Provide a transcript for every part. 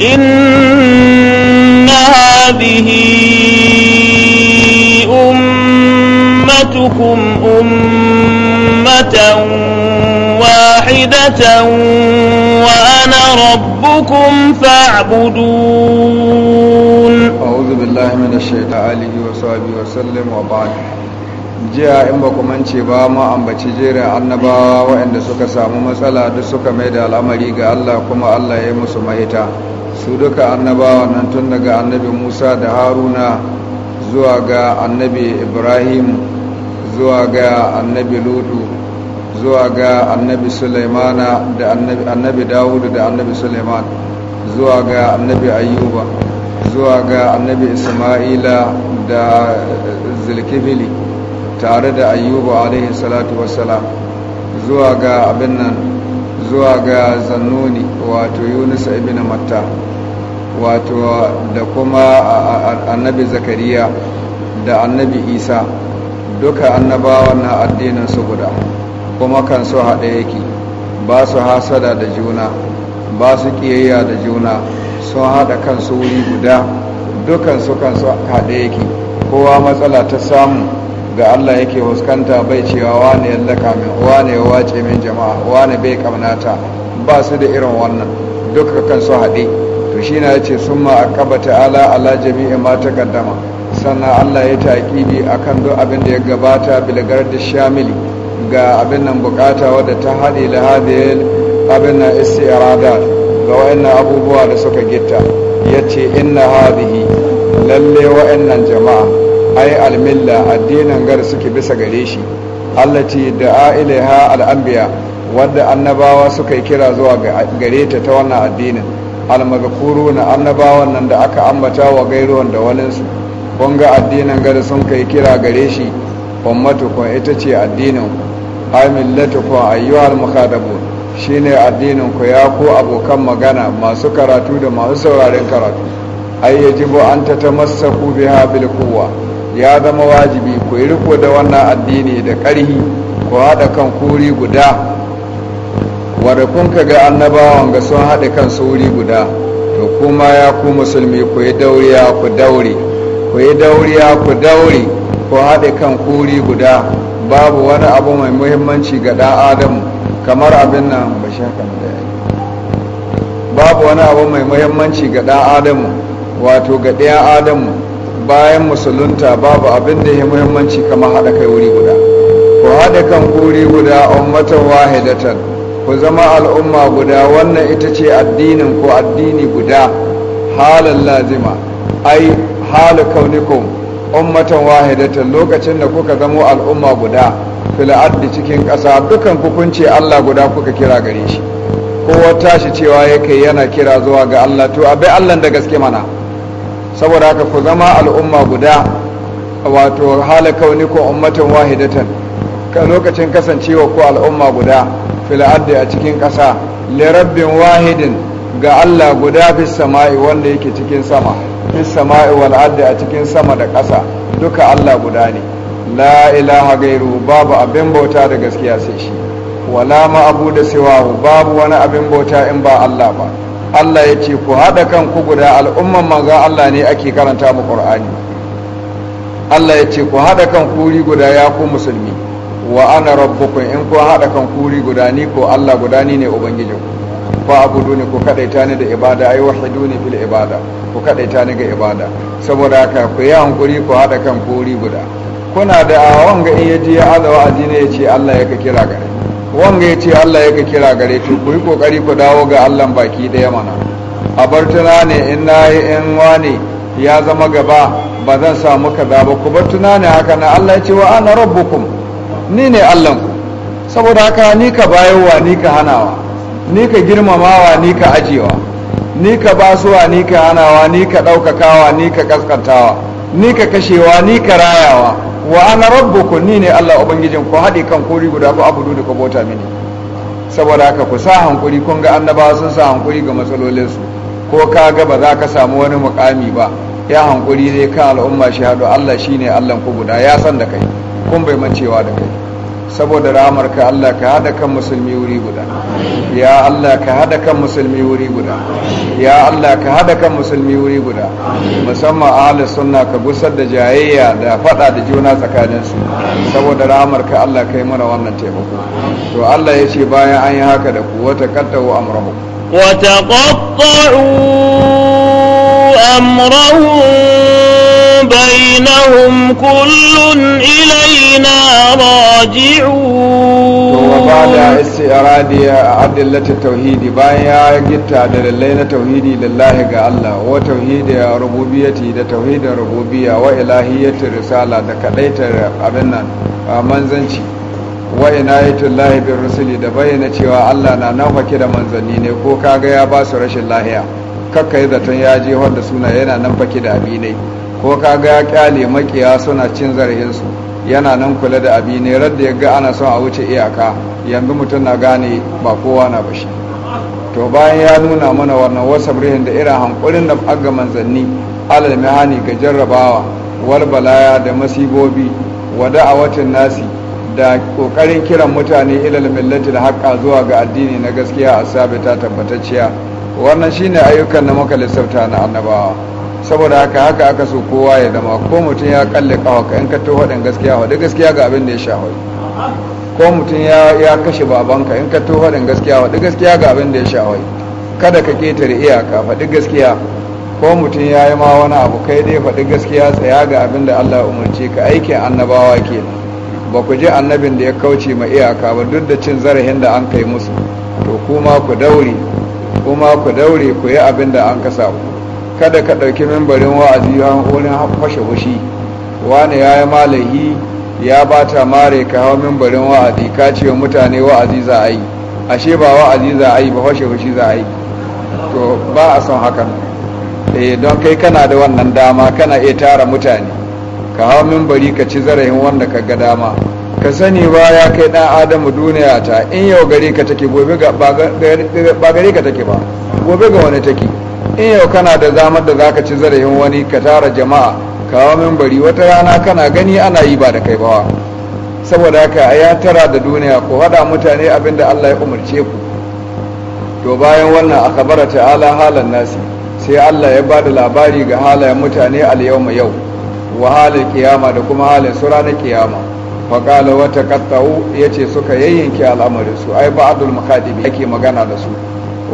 إن هذه أمتكم أمة واحدة وأنا ربكم فاعبدون أعوذ بالله من الشيطان وصحبه وسلم وبعد jiya in ba mance ba ma ambaci jerin annabawa waɗanda suka samu matsala duk suka mai da al'amari ga Allah kuma Allah ya yi musu mahita su duka annabawa nan tun daga annabi musa da haruna zuwa ga annabi ibrahim zuwa ga annabi ludu zuwa ga annabi sulaimana da annabi dawudu da annabi sulaiman zuwa ga annabi ayyuba zuwa ga annabi isma'ila da zilkifili tare da ayyuba alaihi salatu wassalam zuwa ga abin nan zuwa ga zannuni wato yunus ibn matta wato da kuma annabi zakariya da annabi isa duka annabawan na addinin su guda kuma kan su haɗe yake ba su hasada da juna ba su ƙiyayya da juna sun haɗa kansu wuri guda dukansu kan su haɗe yake kowa matsala ta samu ga Allah yake huskanta bai cewa wane yallaka min wane ya wace min jama'a wane bai kamnata ba su da irin wannan duka kan su haɗe to shi na yace sun ma akaba ta'ala ala jami'i ma ta kaddama sannan Allah ya taƙibi akan duk abin da ya gabata bilgar da shamili ga abin nan bukata wadda ta haɗe da abin nan istiradat ga wa'annan abubuwa da suka gitta yace inna hadihi lalle wa'annan jama'a ai almilla addinin gar suke bisa gare shi allati da ilaiha al'ambiya wadda annabawa suka yi kira zuwa gare ta ta wannan addinin almazkuru na annabawan nan da aka ambata wa gairuwan da waninsu kun ga addinin gar sun kai kira gare shi ummatukun ita ce addinin ai millatukun ayyuhal mukhadabun shine addinin ku ya ko abokan magana masu karatu da masu sauraren karatu ai yajibu an tatamassaku biha bil quwwa ya zama wajibi ku yi riko da wannan addini da ƙarhi ku haɗa kan kuri guda wadda kun ka ga annabawan ga sun haɗa kan sauri guda to kuma ya ku musulmi ku yi dauriya ku daure ku yi dauriya ku daure ku haɗa kan kuri guda babu wani abu mai muhimmanci ga ɗan adamu kamar abin nan ba shi haka da babu wani abu mai muhimmanci ga ɗan adam wato ga ɗaya adamu bayan musulunta babu abin da ya muhimmanci kamar haɗa kai wuri guda ku haɗa kan wuri guda ummatan wahidatan ku zama al'umma guda wannan ita ce addinin ku addini guda halin lazima ai hal kaunikum ummatan wahidatan lokacin da kuka zama al'umma guda fil addi cikin ƙasa dukan ku kunce Allah guda kuka kira gare shi kowa tashi cewa yake yana kira zuwa ga Allah to abai Allah da gaske mana saboda haka ku zama al'umma guda wato halaka wani ko ummatin wahidatan ka lokacin kasancewa ko al'umma guda fil a cikin ƙasa lirabbin wahidin ga Allah guda fi sama'i wanda yake cikin sama fi sama'i wal a cikin sama da ƙasa duka Allah guda ne la ilaha gairu babu abin bauta da gaskiya sai shi wala ma abu da siwahu babu wani abin bauta in ba Allah ba Allah ya ce ku haɗa kanku guda al'umman manza Allah ne ake karanta mu Qur'ani Allah ya ce ku haɗa kan kuri guda ya ku musulmi wa ana rabbukum in ku haɗa kan kuri guda ni ko Allah guda ni ne ubangijin fa abudu ne ku kadaita ni da ibada ai wahidu ne fili ibada ku kadaita ni ga ibada saboda ka ku yi hankuri ku haɗa kan kuri guda kuna da wanga in yaji ya azawa addini ya ce Allah ya ka kira gare wanga ya ce Allah ya ka kira gare to ku yi kokari ku dawo ga Allah baki daya mana a bar tunani in na yi in wani ya zama gaba ba zan samu kaza ba ku bar tunani haka na Allah ya ce wa ana rabbukum ni ne Allah ku saboda haka ni ka bayowa ni ka hanawa ni ka girmamawa ni ka ajiyewa ni ka basuwa ni ka hanawa ni ka ɗaukakawa ni ka kaskantawa ni ka kashewa ni ka rayawa wa ana rabbukum ni ne Allah ubangijin ku haɗe kan kuri guda ku abudu da ku bauta mini saboda haka ku sa hankuri kun ga annabawa sun sa hankuri ga matsalolinsu ko ka ga ba za ka samu wani mukami ba ya hankuri dai kan al'umma shi haɗu Allah ne Allah ku guda ya san da kai kun bai mancewa da kai saboda rahamarka Allah ka hada kan musulmi wuri guda ya Allah ka hada kan musulmi wuri guda ya Allah ka hada kan musulmi wuri guda musamman ahli sunna ka gusar da jayayya da fada da juna tsakanin su saboda rahamarka Allah kai mana wannan taimako to Allah ya ce bayan an yi haka da ku wata kattahu amrahu wa taqatta'u amrahum بينهم كل إلينا راجعون وبعد استعراض أدلة التوحيد بايا جت أدلة توحيدي لله الله وتوحيد ربوبيتي ده توحيد ربوبية وإلهية الرسالة ده كليت أبنا منزنشي wa inayatul lahi bir rusuli da bayyana cewa Allah na nafake da manzanni ne ko kaga ya ba su rashin lahiya kakkai zaton ya je wanda suna yana nafake da abinai ko kaga ya kyale makiya suna cin zarafinsu yana nan kula da abi ne radda ya ga ana son a wuce iyaka yanzu mutum na gane ba kowa na ba shi to bayan ya nuna mana wannan wasu da irin hankulin da aga manzanni alal mihani ga jarrabawa wal balaya da masibobi wada a watan nasi da kokarin kiran mutane ilal millati da zuwa ga addini na gaskiya a sabita tabbatacciya wannan shine ayyukan na maka lissafta na annabawa saboda haka haka aka so kowa ya dama, ko mutum ya kalle kawaka in ka toho ɗan gaskiya hudu gaskiya ga abin da ya shafa ko mutum ya kashe babanka in ka toho ɗan gaskiya hudu gaskiya ga abin da ya shafa kada ka ketare iyaka faɗi gaskiya ko mutum ya yi ma wani abu kai dai faɗi gaskiya tsaya ga abin da Allah umarci ka aikin annabawa ke ba ku ji annabin da ya kauce ma iyaka ba duk da cin zarafin da an kai musu to kuma ku daure kuma ku daure ku yi abin da an kasa ku kada ka ɗauki membarin wa'azi wani fashe fushi wani ya yi malahi ya ba ta mare ka hau membarin wa'azi ka ce wa mutane wa'azi za a yi ashe ba wa'azi za a yi ba fashe fushi za a yi to ba a son hakan eh don kai kana da wannan dama kana iya tara mutane ka hau membari ka ci zarafin wanda ka ga dama ka sani ba ya kai ɗan adamu duniya ta in yau gare ka take gobe ga ba gare ka take ba gobe ga wani take in yau kana da zamar da zaka ci zarafin wani ka tara jama'a kawo mimbari wata rana kana gani ana yi ba da kai bawa saboda haka ya tara da duniya ku hada mutane abin da Allah ya umarce ku to bayan wannan akabara ta'ala halan nasi sai Allah ya ba da labari ga halayen mutane al yawma yau wa halin kiyama da kuma halin su ranar kiyama faƙala wata kattahu ya ce suka yayyanke al'amarin su ai ba'adul makadibi yake magana da su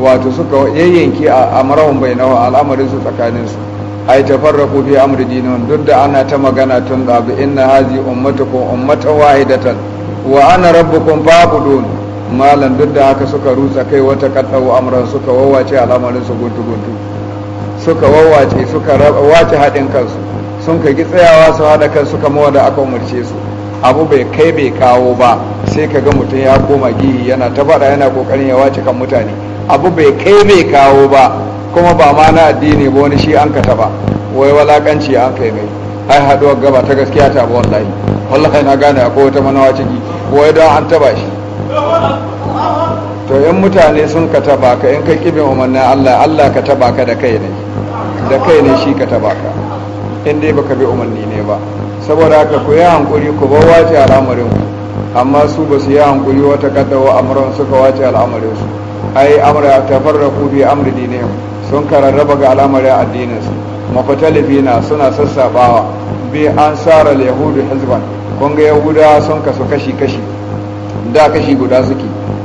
wato suka yayyanki a marahun bai nawa al'amarin su tsakaninsu a yi tafarraku fi amri dinin duk da ana ta magana tun ɗabi inna hazi ummatukum ummatan wahidatan wa ana rabbukum fa'budun malan duk da haka suka rutsa kai wata kaddau amran suka wawace al'amarin su guntu guntu suka wawace suka wace haɗin kansu sun ka gi tsayawa su haɗa kan suka mawa da aka umarce su abu bai kai bai kawo ba sai ka ga mutum ya koma gihi yana ta faɗa yana ƙoƙarin ya wace kan mutane abu bai kai mai kawo ba kuma ba ma na addini ba wani shi an kata ba wai walakanci an kai mai ai haduwar gaba ta gaskiya ta abuwan layi. wallahi na gane akwai wata manawa ciki wai don an taba shi to yan mutane sun ka taba ka in ka kibin umarnin allah allah ka taba ka da kai ne da kai ne shi ka taba ka in dai baka bi umarni ne ba saboda haka ku yi hankuri ku bar wace al'amarin ku amma su ba su yi hankuri wata kaddawa amuran suka wace al'amarin su ai amra tafarraqu bi amri dinihim sun kararraba ga al'amari addininsu. su mukhtalifina suna sassabawa bi ansara yahudu hizban kun ga yahuda sun kasu kashi kashi da kashi guda suke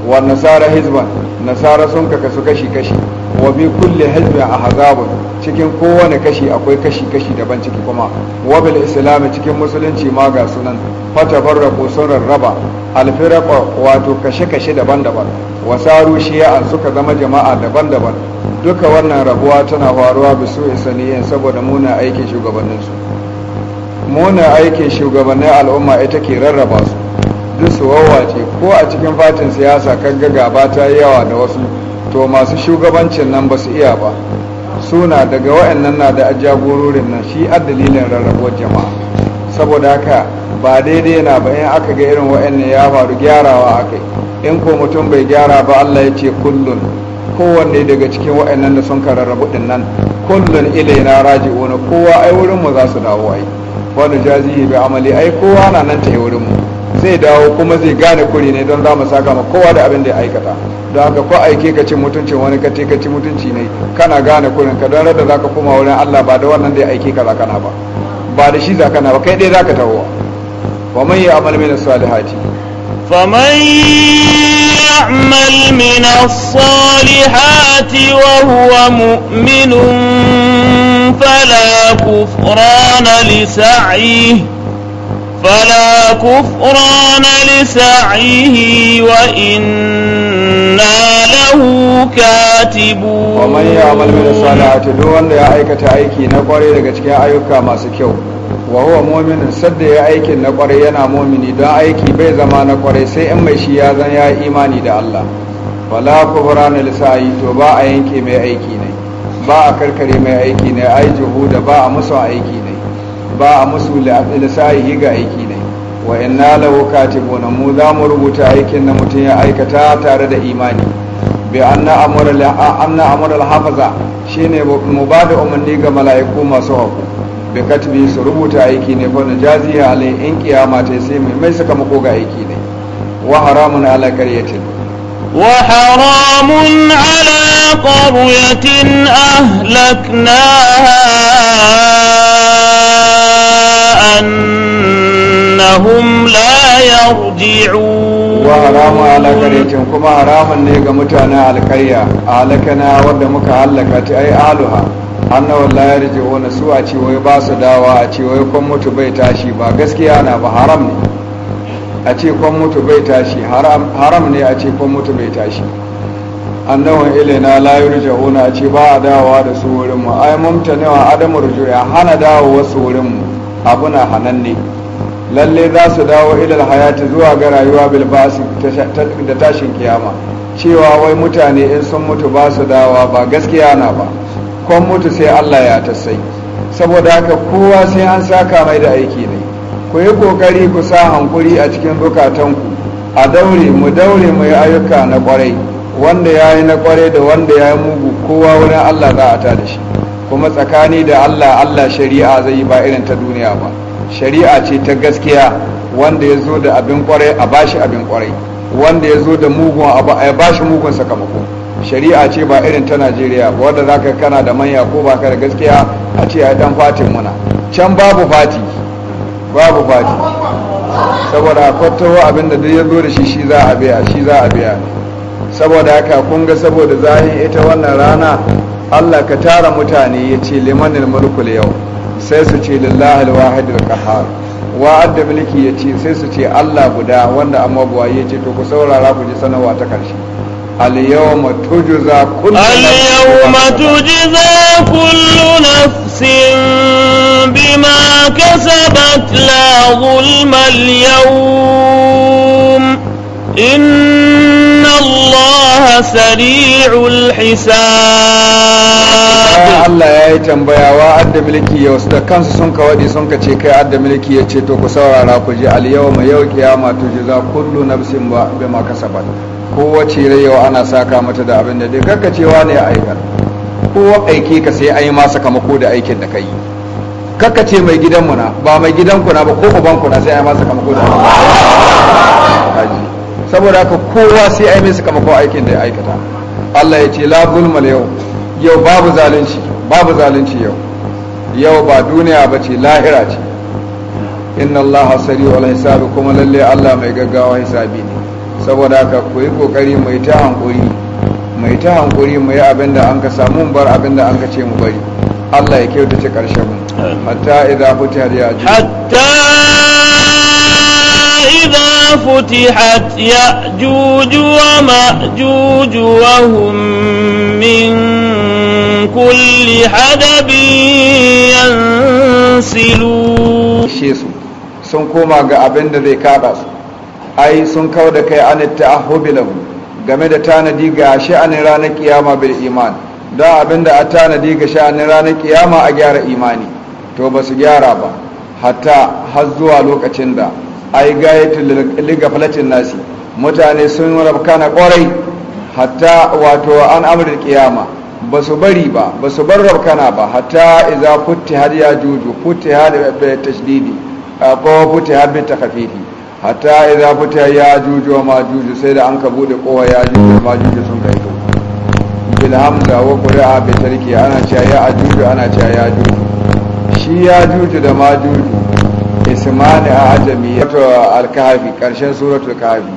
wa nasara hizban nasara sun kasu kashi kashi wa bi kulli hizbin ahzabun cikin kowane kashi akwai kashi-kashi daban ciki kuma wabil islam cikin musulunci ma ga sunan fata sun rarraba alfiraka wato kashe-kashe daban-daban wasaru shi'an suka zama jama'a daban-daban duka wannan rabuwa tana faruwa bisu isaniyin saboda muna aikin su. muna aikin shugabannin al'umma ita ke rarraba su duk su wawace ko a cikin fatin siyasa kan gaba ta yawa da wasu to masu shugabancin nan ba su iya ba suna daga wa'annan na da jagororin nan shi a dalilin rarrabuwar jama'a saboda haka ba daidai yana ba in aka ga irin wa'annan ya faru gyarawa a kai in ko mutum bai gyara ba Allah ya ce kullun kowanne daga cikin wa'annan da sun rarrabu din nan kullun raji wani kowa ai wurin mu za su dawo ai wani jazihi bi amali ai kowa na nan ta wurin mu zai dawo kuma zai gane kuri ne don za mu saka ma kowa da abin da ya aikata don haka ko aike ka ci mutuncin wani ka ka ci mutunci ne kana gane kurin ka don rada za ka koma wurin allah ba da wannan da ya aike ka za kana ba ba da shi za kana ba kai dai za ka tahowa wa man yi amal min salihati فمن يعمل من الصالحات وهو مؤمن فلا كفران لسعيه فلا كفران لسعيه وإنا له كاتبون ومن يعمل من الصالحات دون لا أيكة أيكي نقري لكتك أيكا ما سكيو وهو مؤمن سد يا أيكي نقري ينا مؤمن دا أيكي بي زمان نقري سي أما شيازا يا إيماني دا الله فلا كفران لسعيه توبا أيكي مي أيكي ني با أكركري مي أيكي ني أي جهود با أمسو أيكي ني ba a musu lissahi ga aiki ne wa inna lahu katibuna mu za mu rubuta aikin na mutum ya aikata tare da imani bi anna amara anna amara al-hafaza shine mu ba da umarni ga mala'iku masu hafu bi su rubuta aiki ne ko jaziya alai in kiyama ta sai mai mai saka mako ga aiki ne wa haramun ala qaryatin wa haramun ala qaryatin ahlaknaha annahum la yarji'un wa haramu ala qaryatin kuma haramun ne ga mutanen alkarya alakana wanda muka halaka ta ai aluha wallahi la wani su a ce wai ba su dawa a ce wai kun mutu bai tashi ba gaskiya na ba haram ne a ce kwan mutu bai tashi haram ne a ce kwan mutu bai tashi annawan layu layur jahuna a ce ba a dawowa da su wurinmu ai mumta nawa adamu ya hana dawowa su wurinmu abuna hananne lalle za su dawo ilal hayati zuwa ga rayuwa bil da tashin kiyama cewa wai mutane in sun mutu ba su dawa ba gaskiya na ba kon mutu sai Allah ya tasai saboda haka kowa sai an saka mai da aiki ne ku yi kokari ku sa hankuri a cikin zukatanku a daure mu daure mu ayyuka na kwarai wanda ya yi na kwarai da wanda ya yi mugu kowa wurin Allah za a ta da shi kuma tsakani da allah allah shari'a zai yi ba irin ta duniya ba shari'a ce ta gaskiya wanda ya zo da abin kwarai a bashi abin kwarai wanda ya zo da mugun abu a bashi mugun sakamako shari'a ce ba irin ta najeriya wanda wadda za kana da manya ko ba ka da gaskiya a ce a dan fatin muna can babu fati babu fati saboda kwattawa abin da duk ya zo da shi shi za a biya shi za a biya saboda haka kun ga saboda zahin ita wannan rana Allah ka tara mutane ya ce limanin mulkul yau sai su ce lillahi alwahidul wa wa'adda mulki ya ce sai su ce Allah guda wanda amma buwa ya ce to ku saurara ku ji sanarwa ta karshe al-yawma tujza kullu al-yawma tujza kullu nafsin bima kasabat la zulma الله سريع الحساب الله ya tambaya wa adda mulki yau da kansu sun ka wadi sun ce kai adda mulki ya ce to ku saurara ku ji al yau mai yau kiyama to ji za kullu nafsin ba bai ma kasabat kowace rai yau ana saka mata da abin da dai karka cewa ne aikar kowa aike ka sai a yi ma sakamako da aikin da ka yi mai gidanmu na ba mai gidanku ba ko ubanku na sai an yi ma sakamako da aikin saboda haka kowa sai ai mai mako aikin da ya aikata Allah ya ce la zulmal yau yau babu zalunci babu zalunci yau yau ba duniya ba ce lahira ce inna Allah sari wal hisabi kuma lalle Allah mai gaggawa hisabi ne saboda haka ku yi kokari mai ta hankuri mai ta hankuri mu yi abin da an ka samu bar abin da an ka ce mu bari Allah ya kyautace karshen mu hatta idza futiha ya hatta فتحت يأجوج ومأجوج وهم من كل حدب ينسلون sun koma ga abin da zai kada su ai sun kawo da kai an game da tanadi ga sha'anin ranar kiyama bil iman don abin da a tanadi ga sha'anin ranar kiyama a gyara imani to ba su gyara ba hatta har zuwa lokacin da ai gayatul falacin nasi mutane sun rabkana kwarai hatta wato an amrul kiyama ba su bari ba ba su bar rabkana ba hatta idza futtiha ya juju futtiha bi tashdidi ko futtiha bi takfifi hatta iza futtiha ya juju wa majuju sai da an ka bude kowa ya juju ma juju sun kai to bil hamza wa qira'a bi tarki ana cewa ya juju ana cewa ya juju shi ya juju da majuju ismani a ajami wato alkahafi suratul kahafi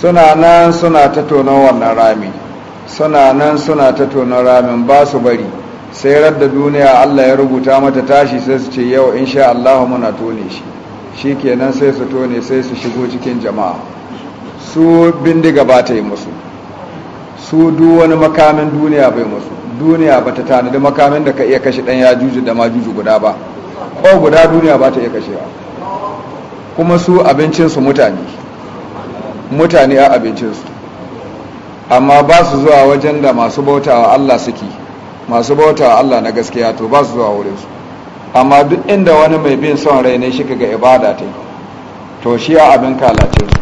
suna nan suna ta tonon wannan rami suna nan suna ta tonon ramin ba su bari sai radda duniya allah ya rubuta mata tashi sai su ce yau insha allahu muna tone shi shi kenan sai su tone sai su shigo cikin jama'a su bindiga ba ta yi musu su duk wani makamin duniya bai musu duniya ba ta tanadi makamin da ka iya kashe dan ya juju da ma juju guda ba ko guda duniya ba ta iya kashewa kuma su abincinsu mutane mutane a abincinsu amma ba su zuwa wajen da masu bautawa Allah suke masu bautawa Allah na gaskiya to ba su zuwa wurinsu amma duk inda wani mai bin son rai ne shi ga ibada ta to shi a abin kalacinsu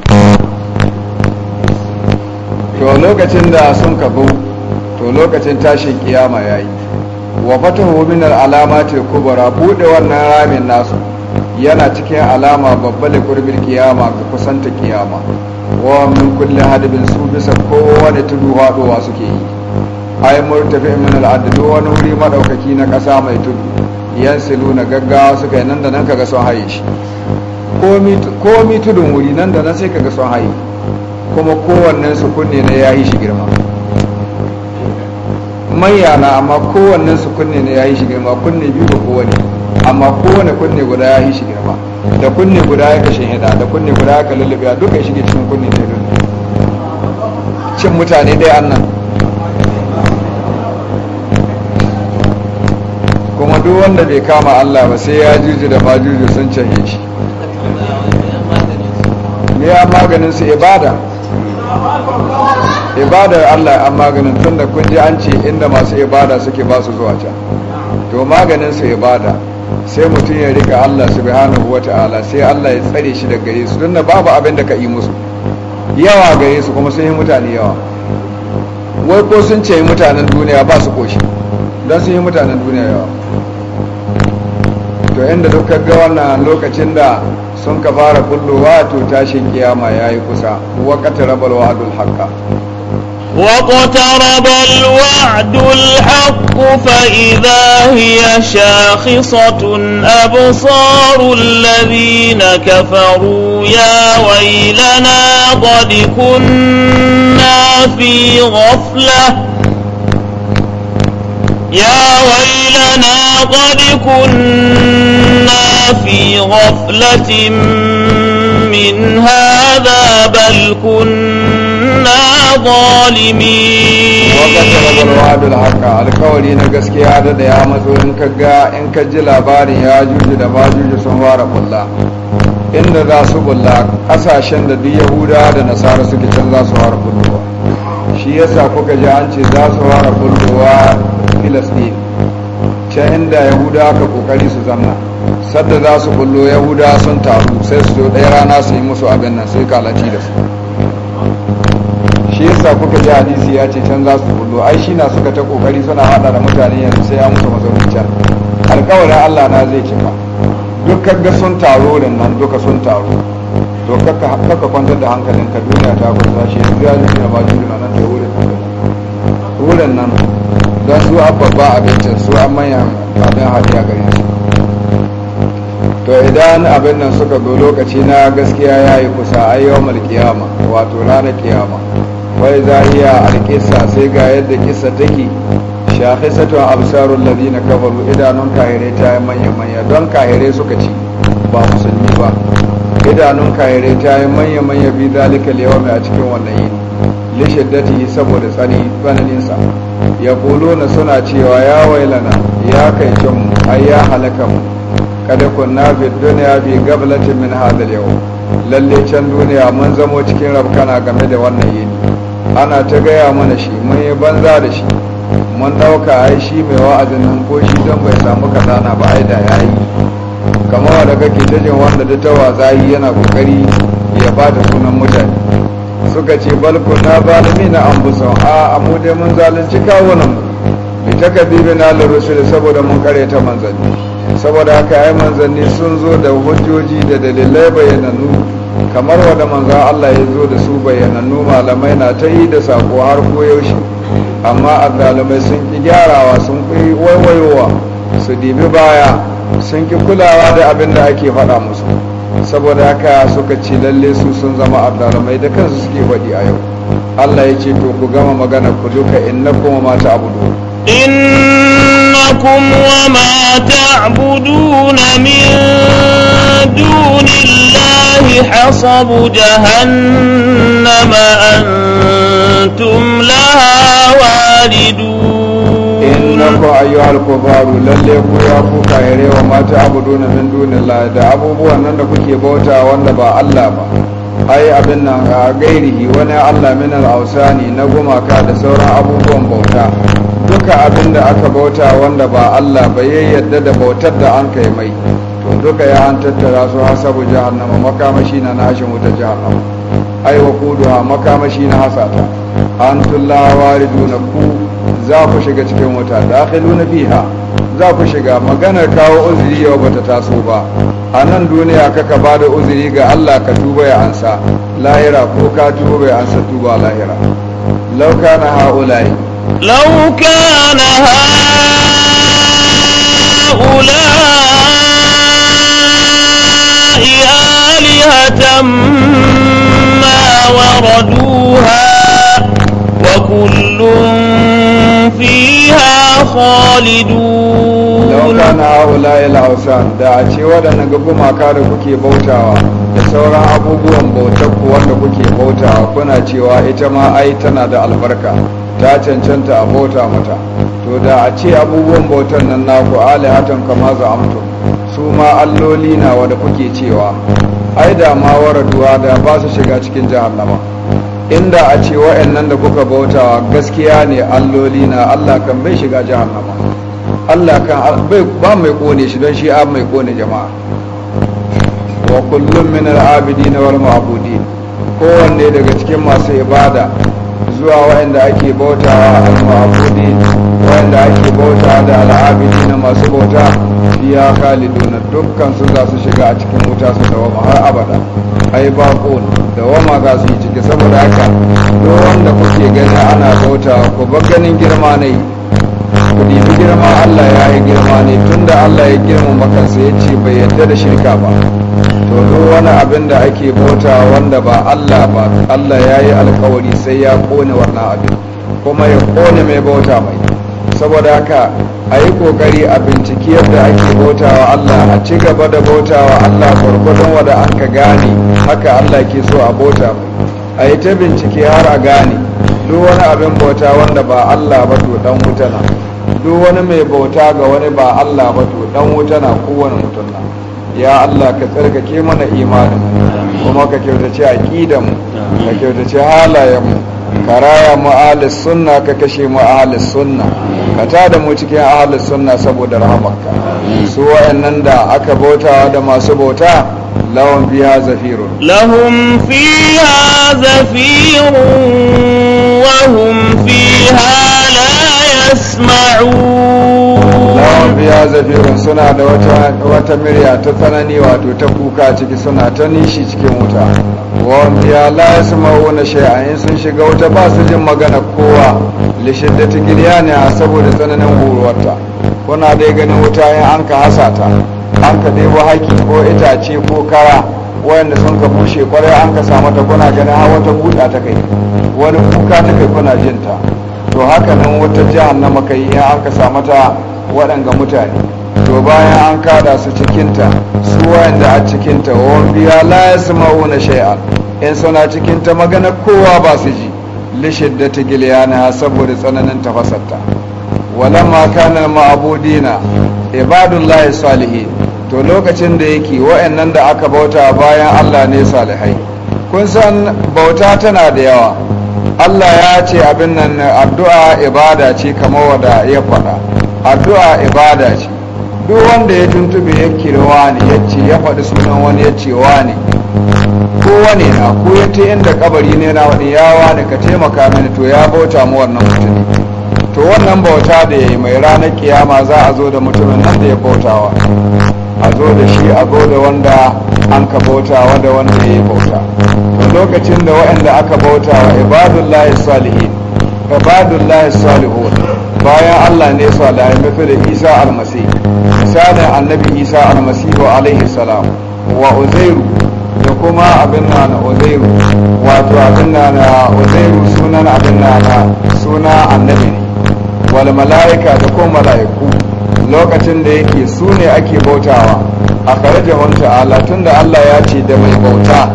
to lokacin da sun kafu to lokacin tashin kiyama ya yi wa fatahu min ce kubra bude wannan ramin nasu yana cikin alama babba da gurbin kiyama ga kusanta kiyama wa min kulli hadabin su bisa kowane tudu haɗowa suke yi ai murtafi min al'adu wani wuri madaukaki na ƙasa mai tudu yan silu na gaggawa suka yi nan da nan kaga sun haye shi komi tudun wuri nan da nan sai kaga sun haye kuma kowannen su kunne na yayi shi girma Mayyana amma kowannen su kunne na yayi shi girma kunne biyu ga kowane. amma kowane kunne guda ya yi shi girma da kunne guda ya kashe hida da kunne guda ya ka lullube a duka shige cikin kunne ne yi cin mutane dai annan kuma duk wanda bai kama Allah ba sai ya juju da majuju sun canye shi ne ya maganin su ibada ibadar Allah an maganin tun da kun ji an ce inda masu ibada suke ba su zuwa can to maganin su ibada sai mutum ya rika Allah subhanahu wa ta'ala sai Allah ya tsare shi daga yesu don na babu abin da ka yi musu yawa ga yesu kuma sun yi mutane yawa wai ko sun ce mutanen duniya ba su koshi don sun yi mutanen duniya yawa to inda duk ga wannan lokacin da sun ka fara kullu to tashin kiyama ya yi kusa wa katarabal wa'adul haqqa واقترب الوعد الحق فإذا هي شاخصة أبصار الذين كفروا يا ويلنا قد كنا في غفلة يا ويلنا قد كنا في غفلة من هذا بل كنا كنا da وقتل الوعد الحق الكوري نغسكي هذا da ya matso in ka ga in ka ji labarin ya juju da bajuju sun fara bulla inda za su bulla kasashen da duk yahuda da nasara suke can za su fara bullowa shi yasa kuka ji an ce za su fara bullowa filistin can inda yahuda ka kokari su zanna sadda za su bullo yahuda sun taru sai su zo ɗaya rana su yi musu abin nan sai kalati da su shi yasa kuka ji hadisi ya ce can za su bullo ai shi na suka ta kokari suna hada da mutane yanzu sai an musu mazaunin alkawarin Allah na zai cika duk ga sun taro da nan duka sun taro to kaka kwantar da ka duniya ta kusa shi yanzu ya ji ya ba da nan ta wurin wurin nan don su ba abincin su an manyan abin hadiya gare su to idan abin nan suka zo lokaci na gaskiya ya yi kusa ayyau mal kiyama wato ranar kiyama Wai bai zahiya alƙisa sai ga yadda kisa take shahisatu absarul ladina kafaru idanun kahire ta manya manya don kahire suka ci ba musulmi ba idanun kahire ta yi manya manya bi zalika mai a cikin wannan yini li shiddati saboda tsani tsananin sa na suna cewa ya wailana ya kai mu ai ya halaka mu kada na fi duniya bi gablatin min hadal yau lalle can duniya mun zamo cikin rabkana game da wannan yini ana ta gaya mana shi mun yi banza da shi mun ɗauka ai shi mai wa'azin nan ko shi don bai samu kasana ba ai da yayi kama wanda kake ta jin wanda da tawa yi yana kokari ya ba da sunan mutane suka ce balko na zalimi na ambusan a amu dai mun zalunci kawunan mu ita ka bibi na larusul saboda mun kare ta manzanni saboda haka ai manzanni sun zo da hujjoji da dalilai bayanannu kamar wanda manzan Allah ya zo da su bayyanannu malamai na ta yi da sako har koyaushe amma dalibai sun ki gyarawa sun ƙi waiwaiwa su dibi baya sun ki kulawa da abin da ake faɗa musu saboda haka suka ci lalle su sun zama dalibai da kansu suke faɗi a yau Allah ya ce to ku gama magana ku duka in na innakum mata abu innakum wa ma ta'buduna min دون الله حصب جهنم أنتم لها واردون إنكم أيها الكفار لليكم يا كفار وما تعبدون من دون الله da abubuwan nan da kuke bauta wanda ba Allah ba ai abin nan a gairihi wani Allah min al-ausani na gumaka da sauran abubuwan bauta duka abinda aka bauta wanda ba Allah ba ya yarda da bautar da an kai mai to duka ya an tattara su jihar jahannama makamashi na nashin wuta jahannama ai wa Kuduwa makamashi na hasata an tulla duna ku za ku shiga cikin wuta da nuna biya za ku shiga maganar kawo uzuri yau bata taso ba a nan duniya kaka ba da uzuri ga Allah ka tuba ya ansa lahira ko ka tuba ya ansa tuba lahira lauka na ha'ulai lauka na ha'ulai فلما وردوها وكل فيها خالدون لو كان هؤلاء الأوثان da a cewa da naga gumaka da kuke bautawa da sauran abubuwan bautarku wanda kuke bautawa kuna cewa ita ma ai tana da albarka ta cancanta a bauta mata to da a ce abubuwan bautar nan naku alihatan kama za amtu su ma alloli na wada kuke cewa ai da ma waraduwa da ba su shiga cikin jahannama inda a ce wa'annan da kuka bautawa gaskiya ne alloli na Allah kan bai shiga jahannama Allah kan ah, ba mai kone shi don shi a mai kone jama'a wa kullum min al-abidin wal ma'budin kowanne daga cikin masu ibada zuwa waɗanda ake bautawa al-ma'budin waɗanda ake bauta da al-abidin masu bauta fiya khaliduna dukkan su za su shiga a cikin wuta su dawama har abada ai ba dawama za su yi ciki saboda haka duk wanda kuke gani ana bauta ku bar ganin girma ne ku nemi girma Allah ya yi girma ne tunda Allah ya girmama kansa ya ce bai yarda da shirka ba to duk wani abin da ake bauta wanda ba Allah ba Allah ya yi alkawari sai ya kone wannan abin kuma ya kone mai bauta mai saboda haka a yi kokari a binciki yadda ake bautawa Allah a ci gaba da bautawa Allah gwargwadon wadda an ka gane haka Allah ke so a bauta a yi ta bincike har a gane duk wani abin bauta wanda ba Allah ba to dan wuta na duk wani mai bauta ga wani ba Allah ba to dan wuta na kowane mutum na ya Allah ka tsarkake mana imanin kuma ka kyautace aqidan mu ka kyautace halayen mu ka raya sunna ka kashe mu ahalis sunna ka tada mu cikin ahalis sunna saboda rahamarka su wa'annan da aka bautawa da masu bauta lahum fiha zafirun lahum fiha zafirun wa hum fiha la yasma'un lawan biya zafirin suna da wata murya ta tsanani wato ta kuka ciki suna ta nishi cikin wuta lawan biya la su ma'una sha'ayin sun shiga wuta ba su jin magana kowa da ta giriya ne a saboda tsananin huruwarta kuna dai ganin wuta in an ka hasa ta an ka ɗebo haki ko itace ko kara wayanda sun ka bushe kwarai an ka samu ta kuna ganin har wata buɗa ta kai wani kuka ta kai kuna jinta to haka nan wata jihar na makayi an ka samu ta waɗanga mutane to bayan an kada su cikinta su da a cikinta wani biya la ya na shai'a in suna cikinta magana kowa ba su ji da ta na saboda tsananin tafasarta walan makanar ma'abudina layi salihi to lokacin da yake wa'annan da aka bauta bayan Allah ne salihai kun san bauta tana da yawa Allah ya ce abin nan addu'a ibada ce kamar wada ya faɗa addu'a ibada ce duk wanda ya tuntube ya kirwa ne ya ce ya faɗi sunan wani ya ce wani ko wani na ko ya ce inda kabari ne na wani ya wani ka taimaka mini to ya bauta mu wannan mutum? to wannan bauta da ya yi mai ranar kiyama za a zo da mutumin nan da ya bautawa a zo da shi a zo da wanda an ka bauta da wanda ya yi bauta to lokacin da waɗanda aka bautawa ibadullahi salihin ibadullahi salihun bayan Allah ne da mafi da Isa almasih misalin annabi Isa almasih alaihi salam wa Uzairu da kuma abin na na Uzairu wato abin na na Uzairu sunan abin na na suna annabi ne wal mala'ika da kuma mala'iku lokacin da yake su ne ake bautawa a karajahun ta'ala tunda Allah ya ce da mai bauta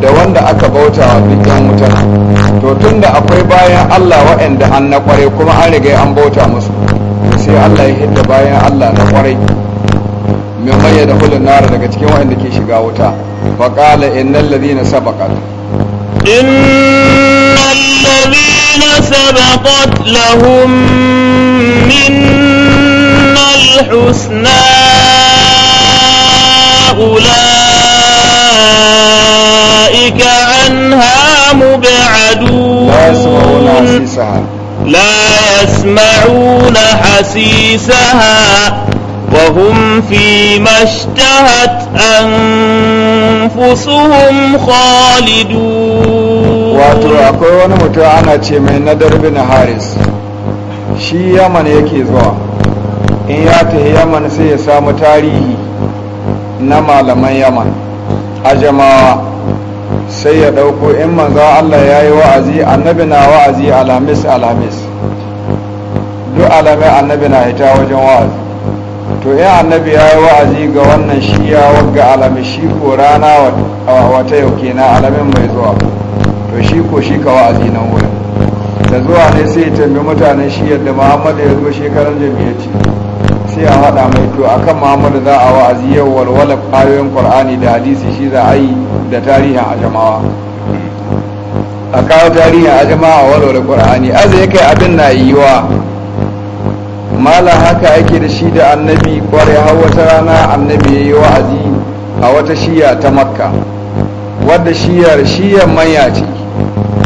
da wanda aka bautawa duk yan mutane. to da akwai bayan Allah waɗanda an na kwarai kuma an riga an bauta musu sai Allah ya hidda bayan Allah na kwarai min bayyana hulun nara daga cikin waɗanda ke shiga wuta faƙala innal ladina sabaqat innal ladina sabaqat lahum minnal husna ulaika anha mub'a يشهدون لا يسمعون حسيسها لا يسمعون حسيسها وهم فيما اشتهت أنفسهم خالدون wato akwai wani mutum ana ce na nadar bin haris shi yaman yake zuwa in ya tafi yaman sai ya samu tarihi na malaman yaman a jama'a sai ya ɗauko in manzo Allah ya yi wa'azi annabi na wa'azi alamis alamis duk alamai annabi na hita wajen wa'azi to in annabi ya yi wa'azi ga wannan shi ya wagga alamis shi ko rana wata yau kenan alamin mai zuwa to shi ko shi ka wa'azi nan wurin da zuwa ne sai ya tambi mutanen shi yadda muhammadu ya zo shekarar jami'a ce sai a haɗa mai to akan Muhammadu za a wa'azi yau walwala ayoyin Qur'ani da hadisi shi za a yi da tarihin ajamawa a kawo tarihin ajamawa walwala Qur'ani aza ya kai abin na yiwa Malam haka ake da shi da annabi kwarai har wata rana annabi ya yi wa'azi a wata shiya ta makka wadda shiyar shiyar manya ce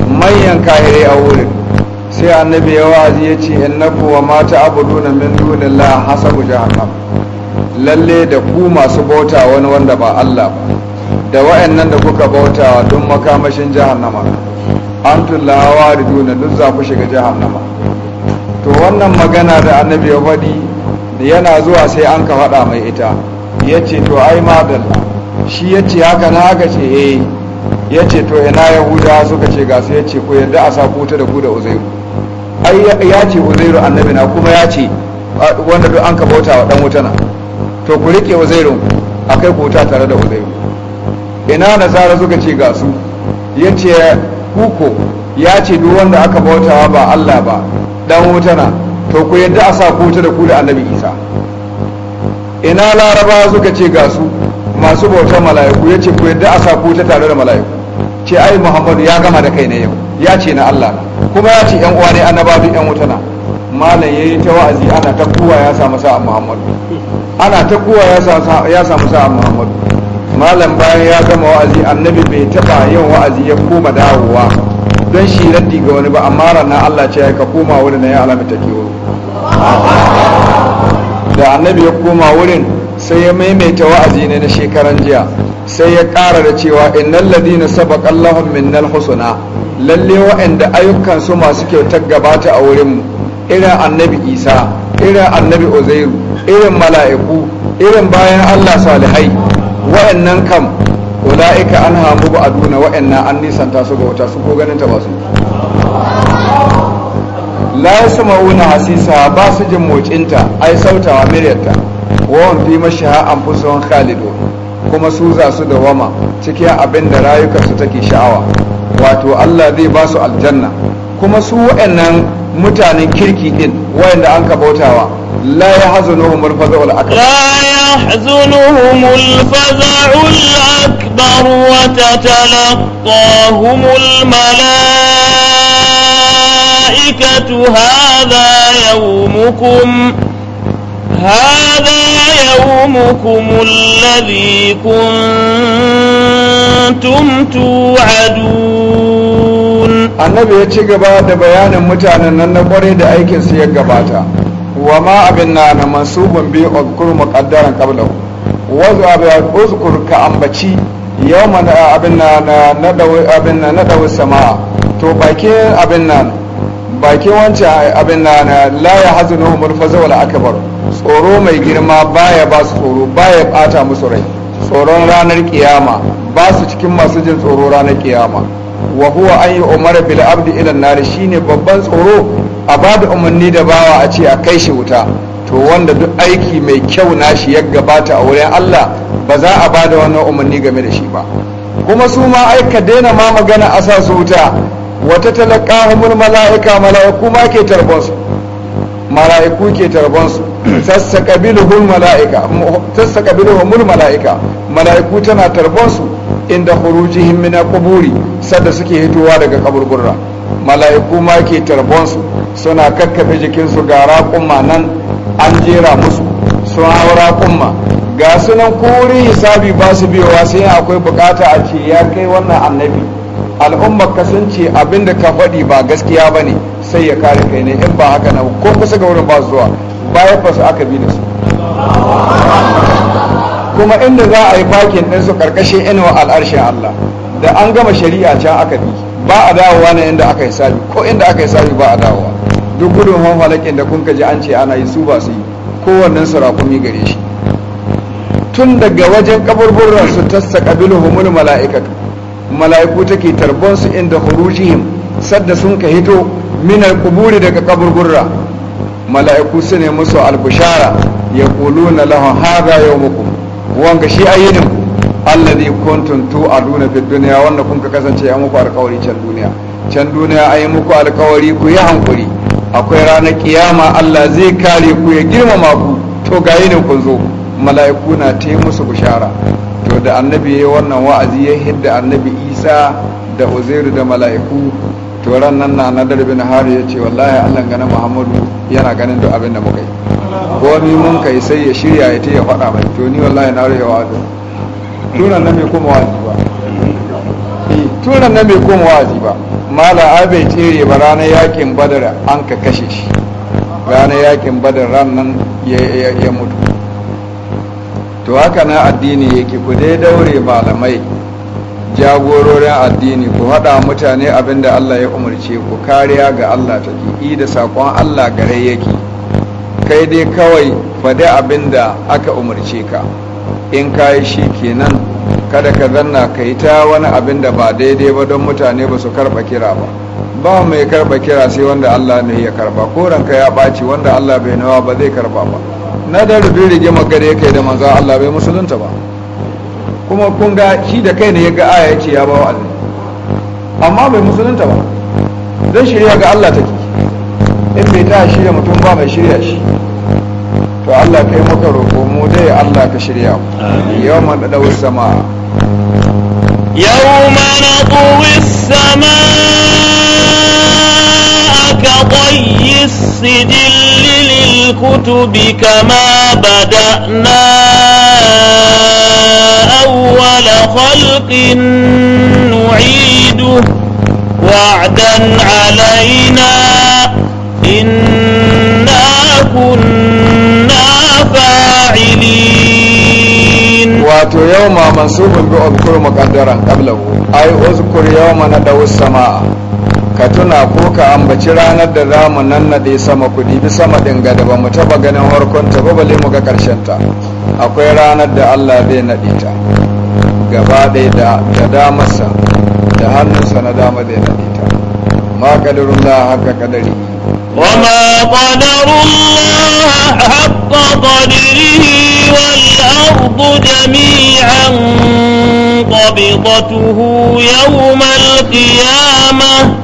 manyan kahirai a wurin sai annabi ya wazi ya ce innaku wa mata abuduna min dunillah hasabu jahannam lalle da ku masu bauta wani wanda ba Allah ba da nan da kuka bautawa don makamashin jahannama an tullawa riduna duk za ku shiga jahannama to wannan magana da annabi ya faɗi yana zuwa sai an ka faɗa mai ita ya ce to ai madal shi ya ce haka na haka ce eh ya ce to ina yahudawa suka ce gasu ya ce ku yadda a sa kuta da ku da uzairu ai ya ce uzairu annabi na kuma ya ce wanda duk an ka bauta wa dan na to ku rike uzairun akai ku wuta tare da uzairu ina zara suka ce ga su ce kuko ya ce duk wanda aka bautawa ba Allah ba dan na to ku yadda a sa ku wuta da ku da annabi Isa ina laraba suka ce ga su masu bautar mala'iku yace ku yadda a sa ku wuta tare da mala'iku ce ai Muhammadu ya gama da kai na yau ya ce na Allah na kuma ya ce yan uwa ne annaba duk yan wutana malam ya yi ta wa'azi ana ta kuwa ya samu sa'a Muhammadu. ana ta kuwa ya samu sa'a malam bayan ya gama wa'azi annabi bai taba yin wa'azi ya koma dawowa don shi raddi ga wani ba amma ranar Allah ce ka koma wurin na ya ta kewa. da annabi ya koma wurin sai ya maimaita wa'azi ne na shekaran jiya sai ya ƙara da cewa innal ladina sabaqallahu minnal husna lalle waɗanda ayyukansu masu kyautar gabata a wurinmu irin annabi isa irin annabi Ozairu, irin mala'iku irin bayan allah salihai waɗannan kam ula'ika an hamu ba aduna waɗannan an nisanta su ga wata su ko ganin ta ba la ya sama wuna hasisa ba su jin mocinta ai sautawa miryarta wawan fi mashaha an fi khalidun kuma su za su da wama cikin abin da rayukansu take sha'awa wato Allah zai ba su aljanna kuma su waɗannan mutanen kirki din waɗanda an ka bautawa la ya hazunuhum al-faza'ul akbar la ya hazunuhum al-faza'ul akbar wa tatalaqahum al-mala'ikatu hadha yawmukum هذا يومكم الذي كنتم توعدون annabi ya ci gaba da bayanin mutanen nan na kwarai da aikinsu ya gabata wa ma abin na na mansubun bi uzkur muqaddaran qablahu wa uzkur ka ambaci yawman abin na na abin na to bakin wancan abin na la ya hazunu murfaza wal akbar tsoro mai girma baya ba su tsoro baya bata musu rai tsoron ranar kiyama ba su cikin masu jin tsoro ranar kiyama wa huwa an yi umara bil abdi ila nar shine babban tsoro a ba da umarni da bawa a ce a kai shi wuta to wanda duk aiki mai kyau na shi ya gabata a wurin Allah ba za a bada da wannan umarni game da shi ba kuma su ma aika daina ma magana a sa su wuta wata talaka mala'ika mala'iku ma ke tarbansu mala'iku ke mala'ika mala'ika mala'iku tana tarbansu inda khurujihim min kuburi sadda suke hitowa daga kaburburra mala'iku ma ke tarbansu suna kakkafe jikinsu ga raƙumma nan an jera musu suna hau raƙumma ga sunan kuri hisabi ba su biyowa sai akwai bukata a ce ya kai wannan annabi al'ummar kasance abinda ka faɗi ba gaskiya ba ne sai ya kare kai ne in ba haka nan ko kusa ga wurin ba zuwa bayan ba su aka bi da su kuma inda za a yi bakin ɗinsu ƙarƙashin inuwa al'arshin Allah da an gama shari'a can aka bi ba a dawowa na inda aka yi sabi ko inda aka yi sabi ba a dawowa duk gudun hanfalakin da kun ka ji an ce ana yi su ba su yi kowannen sarakumi gare shi tun daga wajen kaburburan su tassa kabilu humul mala'ikatu mala'iku take tarbon su inda khurujihim sadda sun ka hito al kuburi daga kaburburra mala'iku su ne musu al-bushara ya quluna laha haza yau muku wanga shi ayyinin alladhi kuntum tu'aduna fid dunya wanda kun ka kasance ya muku alƙawari can duniya can duniya ayi muku alƙawari ku yi hankuri akwai ranar kiyama Allah zai kare ku ya girmama ku to ga yinin kun zo mala'iku na ta yi musu bishara da annabi ya yi wannan wa'azi ya hidda annabi isa da uzairu da mala'iku to ran nan na nadar bin hari ya ce wallahi allan ganin muhammadu yana ganin duk abin da muka yi ko ni mun kai sai ya shirya ya ce ya faɗa mai to ni wallahi na rage wa'azi Turan nan bai koma wa'azi ba eh, tunan nan bai koma wa'azi ba mala abai tsere ba ranar yakin badar an ka kashe shi ranar yakin badar ran nan ya mutu to haka na addini yake ku dai daure malamai jagororin addini ku haɗa mutane abinda Allah ya umarce ku kariya ga Allah take i da sakon Allah gare yake kai dai kawai faɗi abinda aka umarce ka in kayi shi kenan kada ka zanna ka yi ta wani abin da ba daidai ba don mutane ba su karɓa kira ba ba mai karɓa kira sai wanda Allah ne ya karɓa ko ranka ya ɓaci wanda Allah bai nawa ba zai karɓa ba na da rubin magana ya kai da manzo Allah bai musulunta ba kuma kun ga shi da kai ne ya ga aya ce ya ba wa Allah amma bai musulunta ba dan shirya ga Allah take in bai ta shirya mutum ba mai shirya shi to Allah kai maka roƙo mu dai Allah ka shirya mu ma da dawo sama ma na dawus sama كضي السجل للكتب كما بدأنا أول خلق نعيده وعدا علينا إنا كنا فاعلين واتو يوم منصوب بأذكر مقدرة قبله أي أذكر يوم ندعو السماء ka tuna ko ka ambaci ranar da za mu nannade sama ku dibi sama dinga da ba mu taba ganin harkonta ba bale mu ga ta. akwai ranar da Allah zai naɗe ta gaba ɗaya da da damarsa da hannunsa na dama zai naɗe ta ma kadarun a haka kadari وما قدر الله حق قدره والأرض جميعا قبضته يوم القيامة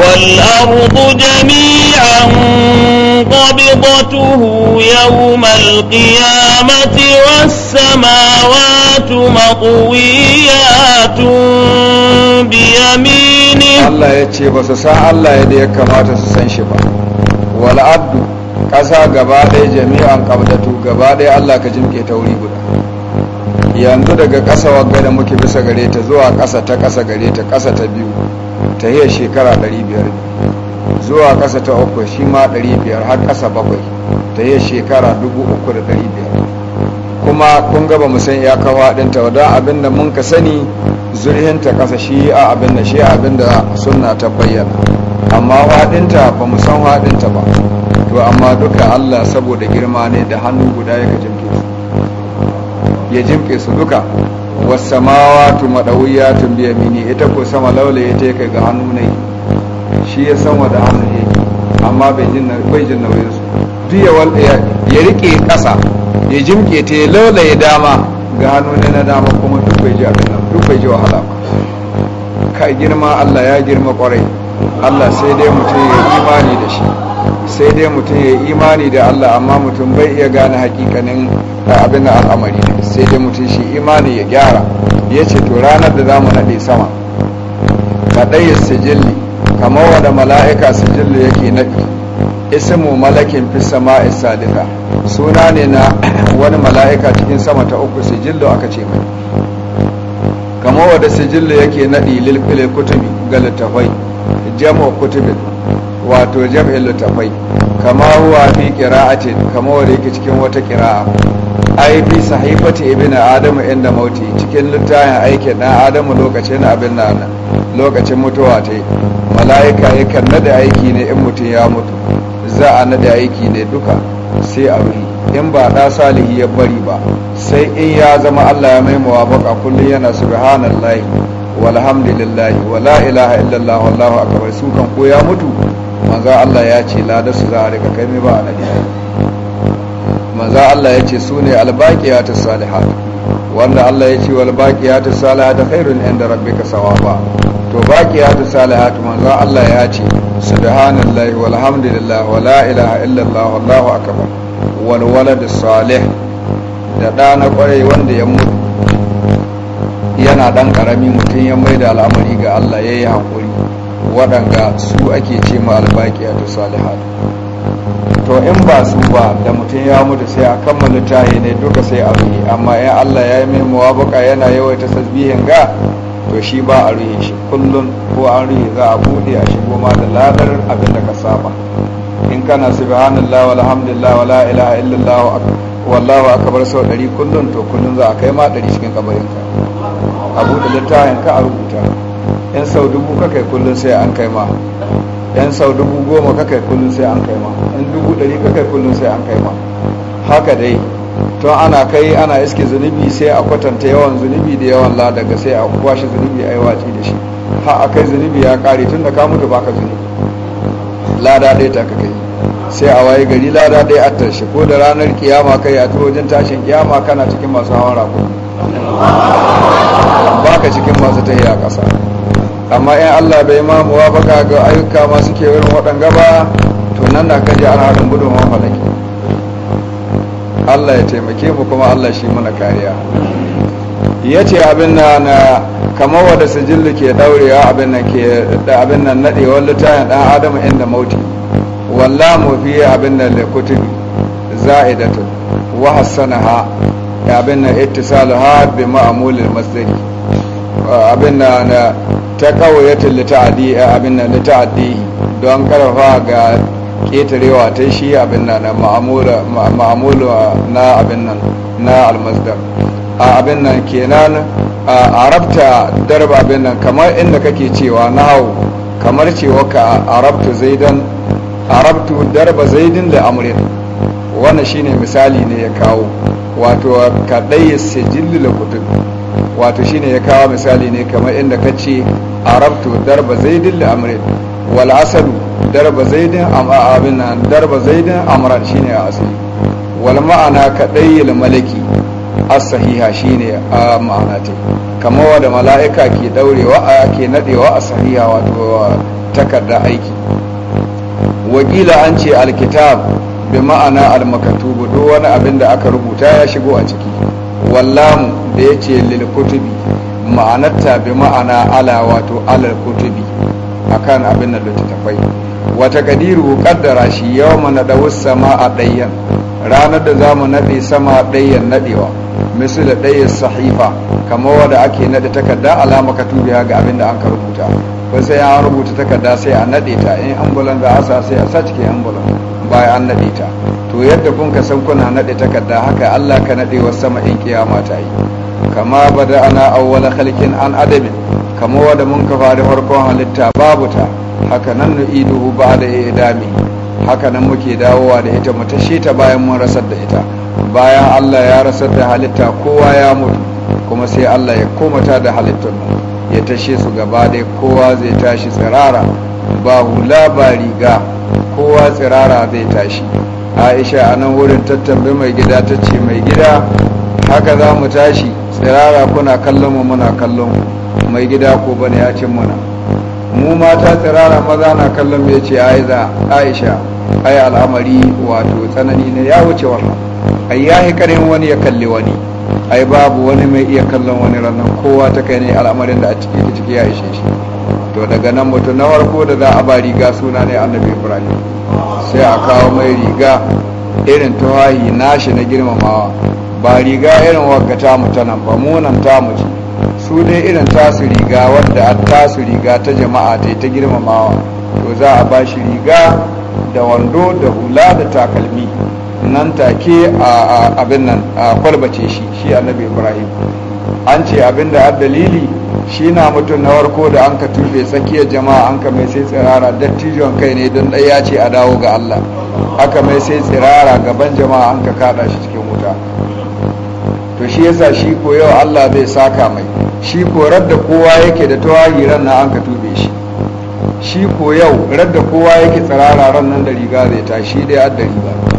والأرض جميعا قبضته يوم القيامة والسماوات مطويات بيمينه الله ya بس الله يدي كما تسسن والأرض ƙasa gaba ɗaya jami'an ƙabdatu gaba ɗaya Allah ka jimke ke tauri guda yanzu daga ƙasa wagga da muke bisa gare ta zuwa ƙasa ta ƙasa gare ta ƙasa ta biyu tahiyar shekara 500 zuwa kasa ta uku shi ma 500 har kasa bakwai tahiyar shekara 3,500 kuma kun gaba musan ya kawo haɗinta wadda abin da mun ka sani zurhinta kasa shi a abin da shi abin da suna ta bayyana amma haɗinta ba musan san haɗinta ba to amma duka allah saboda girma ne da hannu guda ya ka jimfe su ya jimfe su duka tu maɗauya tun biya mini ita ko sama laula ya kai ga hannu ne shi ya sama da hannu ne amma bai jin nauyin su duk ya ya rike ƙasa ya jimke ta ya laula ya dama ga hannu ne na dama kuma duk bai ji abin nan duk bai ji wahala ba ka girma Allah ya girma kwarai Allah sai dai mutum ya imani da shi sai dai mutum ya imani da Allah amma mutum bai iya gane hakikanin abin da al'amari ne sai dai mutum shi imani ya gyara ya ce to ranar da zamu nade sama ka ɗaya sijilli kamar wanda mala'ika sijilli yake nadi, ismu malakin fi sama isadika suna ne na wani mala'ika cikin sama ta uku sijillo aka ce mai kamar wanda sijillo yake naɗi lilfile kutubi ga littafai jam'u kutubin wato jam'in littafai kama huwa fi qira'atin kama wanda yake cikin wata qira'a ai fi sahifati ibn adam inda mauti cikin littafin aikin dan adam lokacin abin nan lokacin mutuwa ta mala'ika yakan nada aiki ne in mutum ya mutu za a nada aiki ne duka sai a wuri in ba da salihi ya bari ba sai in ya zama Allah ya maimawa baka kullum yana subhanallahi walhamdulillahi wala ilaha illallah wallahu akbar su kan ko ya mutu manzo Allah ya ce ladasu za a rika kai ba a nadi maza Allah ya ce su ne ta salihat wanda Allah ya ce wal baqiyatu salihat khairun inda rabbika sawaba to baqiyatu salihat maza Allah ya ce subhanallahi walhamdulillah wala ilaha illallah wallahu akbar wal walad salih da ɗa na wanda ya mutu yana ɗan ƙarami mutum ya mai da al'amari ga Allah ya yi haƙuri waɗanga su ake ce ma albaƙiya ta to in ba su ba da mutum ya mutu sai a kammala tahi ne duka sai a ruhi amma in allah ya yi mai muwabaka yana yawaita tasbihin ga to shi ba a ruhi shi kullum ko an ruhi za a bude a shigo ma da ladar abin da ka saba in kana subhanallah walhamdulillah wala ilaha illallah wallahu akbar sau dari kullum to kullum za a kai ma dari cikin kabarin ka a bude littafin ka a rubuta in sau dubu ka kai kullum sai an kai ma Yan sau dubu goma kakai kullum sai an kai ma dubu ɗari kakai kullum sai an kai ma haka dai tun ana kai ana iske zunubi sai a kwatanta yawan zunubi da yawan ladaga sai a kwashe zunubi a yi watsi da shi har a kai zunubi ya kare tun da ka mutu baka zunubi lada ɗaya ta kai sai a waye gari lada ɗaya a tashi ko da ranar kiyama kai a tuwo wajen tashin kiyama kana cikin masu hawan rakumi baka cikin masu tahiya ƙasa amma in allah bai ma muwafaka ga ayyuka masu ke wurin waɗanga ba to nan na kaji an haɗin gudun mafalaki allah ya taimake mu kuma allah shi muna kariya ya ce abin na na kamar wadda sijilli ke daurewa abin nan ke abin nan nadewar littafin dan adam inda mauti walla mu fi abin nan da kutubi za'idatun wa hassanaha abin nan ittisaluha bi ma'amulil masjid abin na ta kawayatin lita'adi eh, abin nan lita'adi don karfa ga ketarewa ta shi abin nan na ma'amulu na abin nan na almasdar a abin nan kenan a arabta darba abin nan kamar inda kake cewa na hau kamar cewa ka a zaidan arabtu darba zaidin da amurin wannan shine misali ne ya kawo wato kadai da kutub wato shine ya kawo misali ne kamar inda ka ce arabtu darba zaidin da amrin wal asadu darba zaidin abin nan darba zaidin amran shine a asali wal ma'ana kadai malaki as-sahiha shine a ma'ana ta kamar wanda mala'ika ke daurewa ke nadewa a sahiha wato takarda aiki wakila an ce alkitab bi ma'ana al-makatubu duk wani abin da aka rubuta ya shigo a ciki wallamu da ya ce lil kutubi ma'anarta bi ma'ana ala wato alal kutubi akan abin da littattafai wata kadiru kaddara shi yau mana da sama a ɗayan. ranar da zamu mu naɗe sama ɗayan naɗewa misali da ɗaya sahifa kamar wadda ake naɗe takarda alama ka tubiya ga abin da an ka rubuta ko sai an rubuta takarda sai a naɗe ta in ambulan za a sa sai a sa cikin ambulan bayan an naɗe ta to yadda kun ka san kuna naɗe takarda haka Allah ka naɗe wa sama in kiyama ta yi kama bada ana awwala khalqin an adamin kama wada mun ka fara farkon halitta babu ta haka nan nu'iduhu ba'da idami haka nan muke dawowa da ita mu tashe ta bayan mun rasar da ita bayan Allah ya rasar da halitta kowa ya mutu kuma sai Allah ya komata da halittun nan ya tashe su gaba da kowa zai tashi tsirara ba hula ba riga kowa tsirara zai tashi aisha a nan wurin tattambe mai gida ta ce mai gida haka za mu tashi tsirara kuna kallon mu muna kallon mai gida ko bane ya cin muna mu mata tsirara maza na kallon mu ya ce aisha ai al'amari wato tsanani ne ya wuce wannan ai ya wani ya kalli wani ai babu wani mai iya kallon wani ranar kowa ta kai ne al'amarin da a ciki ta ciki ya ishe shi to daga nan mutum na farko da za a ba riga suna ne annabi ibrahim sai a kawo mai riga irin tawahi nashi na girmamawa ba riga irin wagga ta mutu nan ba munan ta mu su dai irin tasu riga wadda a tasu riga ta jama'a ta ta girmamawa to za a ba shi riga da wando da hula da takalmi nan take a abin nan a kwalbace shi shi annabi ibrahim an ce abin da har dalili shi na mutum na warko da an ka tufe tsakiyar jama'a an ka mai sai tsirara dattijon kai ne don ɗaya ce a dawo ga allah aka mai sai tsirara gaban jama'a an ka kada shi cikin wuta to shi yasa shi ko yau allah zai saka mai shi ko radda kowa yake da tawahi ran na an ka tube shi shi ko yau radda kowa yake tsirara ran nan da riga zai tashi dai addari ba.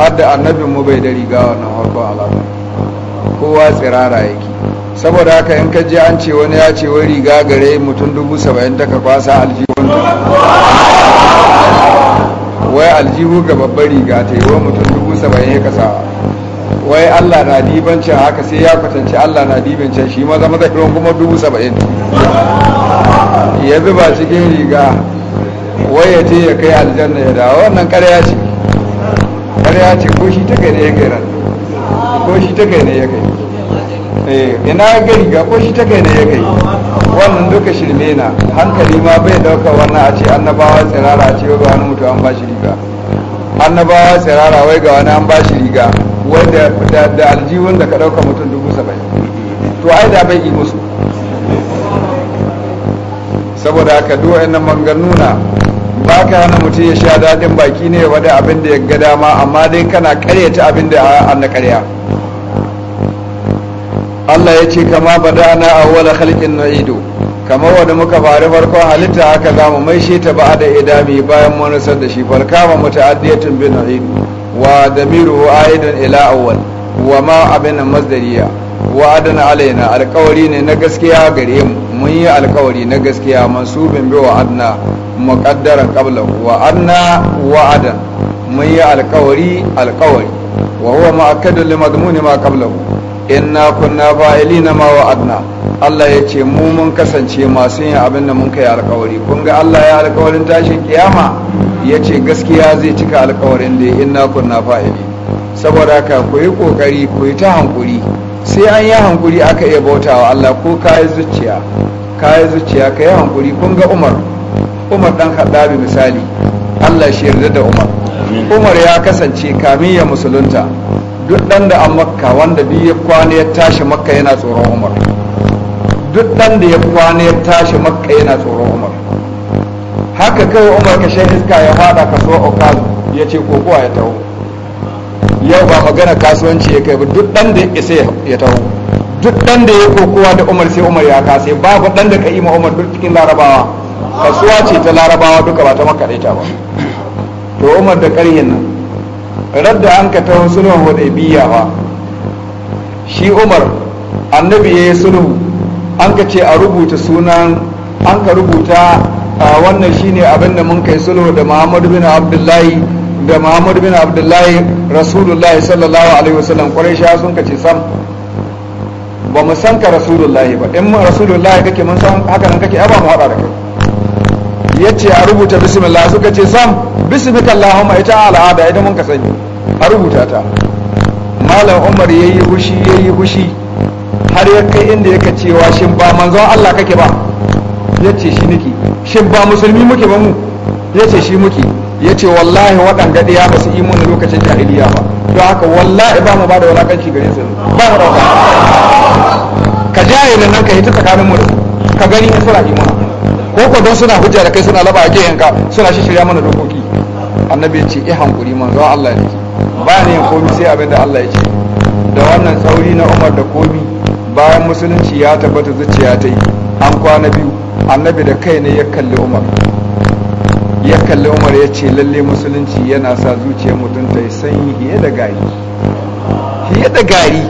har da annabin mu bai da riga wannan farkon alama kowa tsirara yake saboda haka in ka je an ce wani ya ce wani riga gare mutum dubu saba'in daga ka kwasa aljihun wai aljihu ga babbar riga ta yi wai mutum dubu saba'in ya kasa wai allah na dibancin haka sai ya kwatance allah na dibancin shi maza maza irin kuma dubu saba'in ya zuba cikin riga wai ya ce ya kai aljanna ya dawo wannan karya ce ƙarya ce ko shi ta kai ne ya kai ran ko shi ta kai ne ya kai eh, ina ga riga ko shi ta kai ne ya kai wannan duka shirme na hankali ma bai dauka wannan a ce annabawa tsirara a ce ga wani mutu an ba shi riga annabawa tsirara wai ga wani an ba shi riga wanda da aljihun da ka dauka mutum dubu saba'in to ai da bai yi musu saboda haka duk wa'annan manganuna ba ka hana mutum ya sha daɗin baki ne wadda abin da ya ga dama amma dai kana karyata abin da an na karya Allah ya ce kama ba bada na awwala halkin na ido kama wani muka fari farkon halitta haka za mu mai shi ta ba da idami bayan mun rasar da shi falkama muta'addiyatun bin na'id wa damiru aidan ila awwal wa ma abin masdariya wa adana alaina alƙawari ne na gaskiya gare mu mun yi alkawari na gaskiya mansubin bi wa'adna muqaddaran qabla wa'adna adan mun yi alkawari alkawari wa huwa mu'akkadun li ne ma In inna kunna fa'ilina ma wa'adna Allah ya ce mu mun kasance masu yin abin da mun kai alkawari kun ga Allah ya alkawarin tashin kiyama ya ce gaskiya zai cika alkawarin da inna kunna fa'ilina saboda ka ku yi ƙoƙari ku yi ta hankuri sai an yi hankuri aka iya bauta wa Allah ko kayi zuciya kayi zuciya ka yi hankuri kun ga Umar Umar dan Khattabi misali Allah shi yarda da Umar Umar ya kasance kamin ya musulunta duk dan da an makka wanda bi ya kwana ya tashi makka yana tsoron Umar duk dan da ya kwana ya tashi makka yana tsoron Umar haka kai Umar ka shehiska ya fada so okazu ya ce kokowa ya taho yau ba magana kasuwanci ya kai ba duk dan da isa ya taho duk dan da ya kokowa da umar sai umar ya kase babu dan da ka yi ma umar duk cikin larabawa kasuwa ce ta larabawa duka ba ta makaraita ba to umar da karyin nan radda an ka taho sulhun hudaybiya ba shi umar annabi ya yi sulhu an ka ce a rubuta sunan an ka rubuta wannan shine abin da mun kai sulhu da muhammadu bin abdullahi da muhammad bin abdullahi rasulullah sallallahu alaihi wasallam kwarai sha sun kace sam ba mu san ka rasulullahi ba in mu rasulullahi kake mun san haka nan kake ba mu hada da kai yace a rubuta bismillah suka ce sam bismika allahumma ita al'ada idan mun ka sani a rubuta ta malam umar yayi hushi yayi hushi har ya kai inda yake cewa shin ba manzon Allah kake ba yace shi niki shin ba musulmi muke ba mu yace shi muke ya ce wallahi waɗanda ɗaya ba su yi mana lokacin jahiliya ba don haka wallahi ba mu ba da wulaƙanci gare su ba mu rauta ka jahilin nan ka hita tsakanin mu ka gani in suna imana ko ko don suna hujja da kai suna laba a yanka suna shirya mana dokoki annabi ya ce eh hankuri zuwa Allah ce ba ne komi sai abin da Allah ya ce da wannan tsauri na Umar da komi bayan musulunci ya tabbata zuciya ta yi an kwana biyu annabi da kai ne ya kalli Umar ya kalli umar ya ce lalle musulunci yana sa zuciyar mutum ta yi sanyi hiye da gari Hiye da gari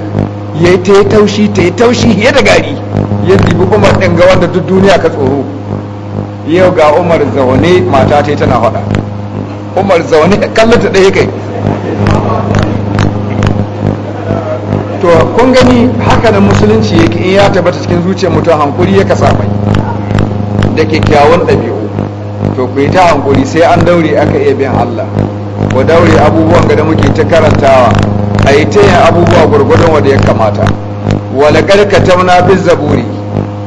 ya yi ta yi taushi ta yi taushi hiye da gari ya dibi umar ɗin ga wanda duk duniya ka tsoro yau ga umar zaune mata ta yi tana faɗa umar zaune kallon ta ɗaya kai to kun gani hakanan musulunci yake in ya tabbata cikin zuciyar mutum hankuri ya kasa mai da kyakkyawan ɗabi'u to ku yi ta hankuri sai an daure aka iya bin Allah ku daure abubuwan da muke ta karantawa a yi ta yin abubuwa gwargwadon wanda ya kamata wala na bin zaburi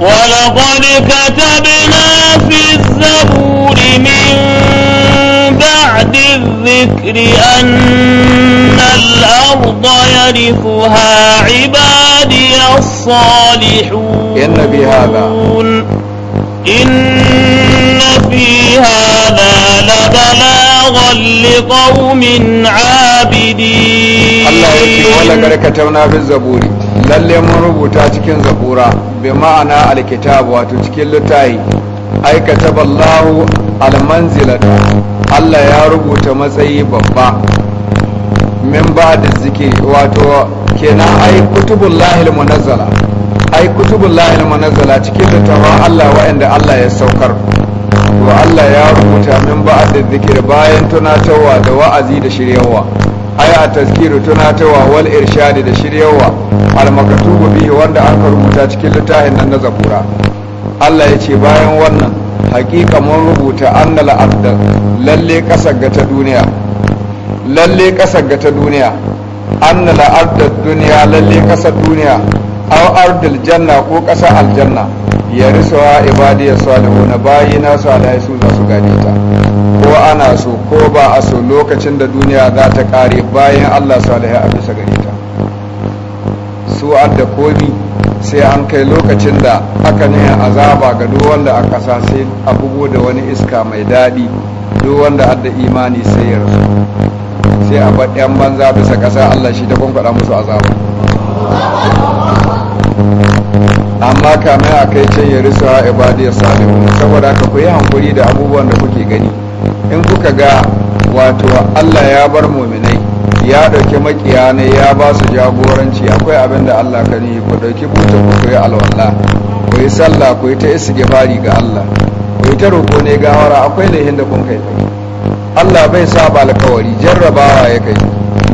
ولقد كتبنا في الزبور من بعد الذكر أن الأرض يرثها عبادي الصالحون ya nabi hada في هذا لبلاغا لقوم عابدين الله يكي ولقد كتبنا في الزبور lalle mun rubuta cikin zabura bi ma'ana alkitab wato cikin littahi ai kataballahu almanzilata Allah ya rubuta matsayi babba min ba da zikiri wato kenan ai kutubullahi almunazzala ai kutubullahi almunazzala cikin littafin Allah wa'anda Allah ya saukar to Allah ya rubuta min ba'ad zikir bayan tunatarwa da wa'azi da shiryawa aya a tazkiru tunatarwa wal irshadi da shiryawa al makatubu bi wanda aka rubuta cikin littafin nan na zakura. Allah ya ce bayan wannan haƙiƙa mun rubuta annal abda lalle kasar ga ta duniya lalle kasar ga ta duniya annal abda duniya lalle kasar duniya aw ardul janna ko kasar aljanna ya risuwa ibadiyar salihuna bayina salihai su za su gane ta ko ana so ko ba a so lokacin da duniya za ta kare bayan allah salihai a bisa gare ta su adda komi sai an kai lokacin da aka ne azaba ga duk wanda a kasa sai a bugo da wani iska mai daɗi duk wanda adda imani sai ya rasu sai a baɗi yan banza bisa kasa allah shi ta kwankwada musu azaba amma kamar a kai can ya risa ibadiyya salihu saboda ka ku yi hankuri da abubuwan da kuke gani in kuka ga wato Allah ya bar muminai ya dauki makiya ne ya ba su jagoranci akwai abin da Allah ka ne ku dauki buta ku yi alwala ku yi sallah ku yi ta istighfari ga Allah ku yi ta roko ne gawara akwai laihin da kun kai Allah bai saba alkawari jarrabawa ya kai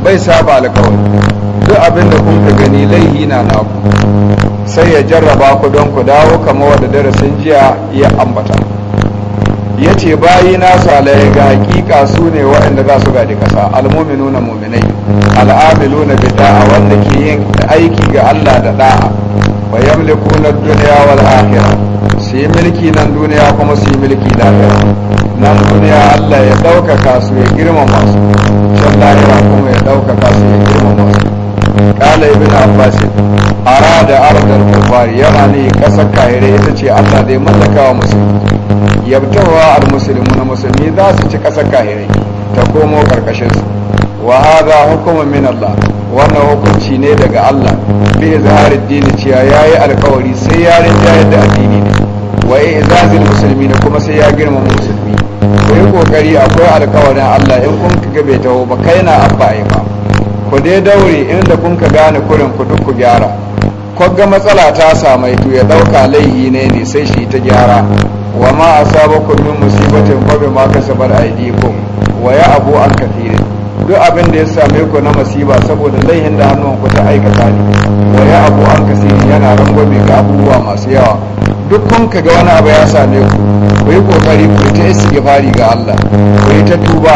bai saba alkawari duk abin da kun ka gani laihi na naku sai ya jarraba ku don ku dawo kama wadda darasin jiya ya ambata ya ce bayi na salaye ga hakika su ne waɗanda za su gadi kasa almominu na muminai al'amilu na bida'a wanda ke yin aiki ga allah da da'a wa yamliku na duniya wal akhirah su yi mulki nan duniya kuma su yi mulki lahira nan duniya allah ya ɗaukaka su ya girmama su can lahira kuma ya ɗaukaka su ya girmama su ibn abbas arada ardal kufar yana ne kasar ita ce Allah zai mallaka wa musulmi yabtawa al na musulmi za su ci kasar kahire ta komo karkashin su wa hadha hukumun min Allah wannan hukunci ne daga Allah bi izharid dini ciya yayi alkawari sai ya rinjaye da addini ne wa izazil musulmi ne kuma sai ya girmama musulmi ku yi kokari akwai alkawarin Allah in kun ka bai taho ba kai na abba ba ku dai daure inda kun ka gane kurin ku duk ku gyara kwagga matsala ta samu to ya dauka laihi ne ne sai shi ta gyara wa ma asabakum min musibatin fa bima kasabat aydikum wa ya abu an kathir duk abin da ya same ku na musiba saboda laihin da hannun ku ta aikata ne wa ya abu an kasiri yana rangwame ga abubuwa masu yawa duk kun ka ga wani abu ya same ku ku yi kokari ku yi ta istighfari ga Allah ku yi ta tuba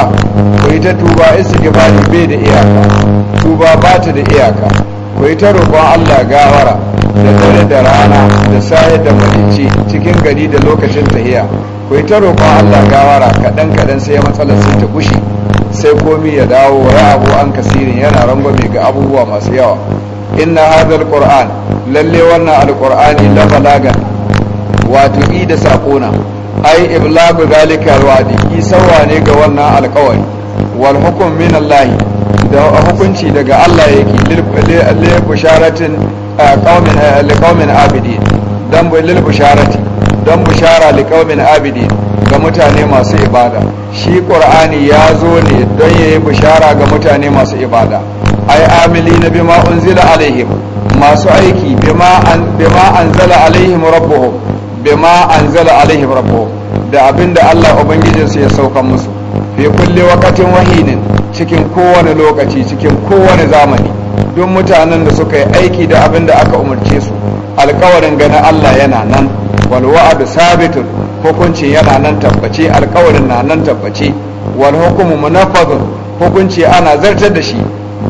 ku yi ta tuba istighfari bai da iyaka tuba ba ta da iyaka ku yi ta roƙon Allah gawara da dare da rana da sayar da malici cikin gari da lokacin tahiya ku yi ta roƙon Allah gawara kaɗan kaɗan sai matsalar sun ta kushi sai komi ya dawo wa abu an kasirin yana rangwame ga abubuwa masu yawa inna hadal qur'an lalle wannan alqur'ani la balagan wato yi da sakona ai iblagu zalika alwadi isarwa ne ga wannan alkawari wal hukum min Allah da hukunci daga Allah yake lil busharatin qaumin liqaumin abidin dan lil busharati dan bushara liqaumin abidin ga mutane masu ibada shi qur'ani ya zo ne don yayi bushara ga mutane masu ibada ai amili na bima unzila alaihim masu aiki bima an bima anzala alaihim rabbuhum bima anzala alaihim rabbu da abinda Allah ubangijinsu ya sauka musu fi kulli waqatin wahinin cikin kowane lokaci cikin kowane zamani duk mutanen da suka yi aiki da abinda aka umarce su alkawarin ganin Allah yana nan wal wa'adu sabitun hukunci yana nan tabbace alkawarin na nan tabbace wal hukumu munaffadun hukunci ana zartar da shi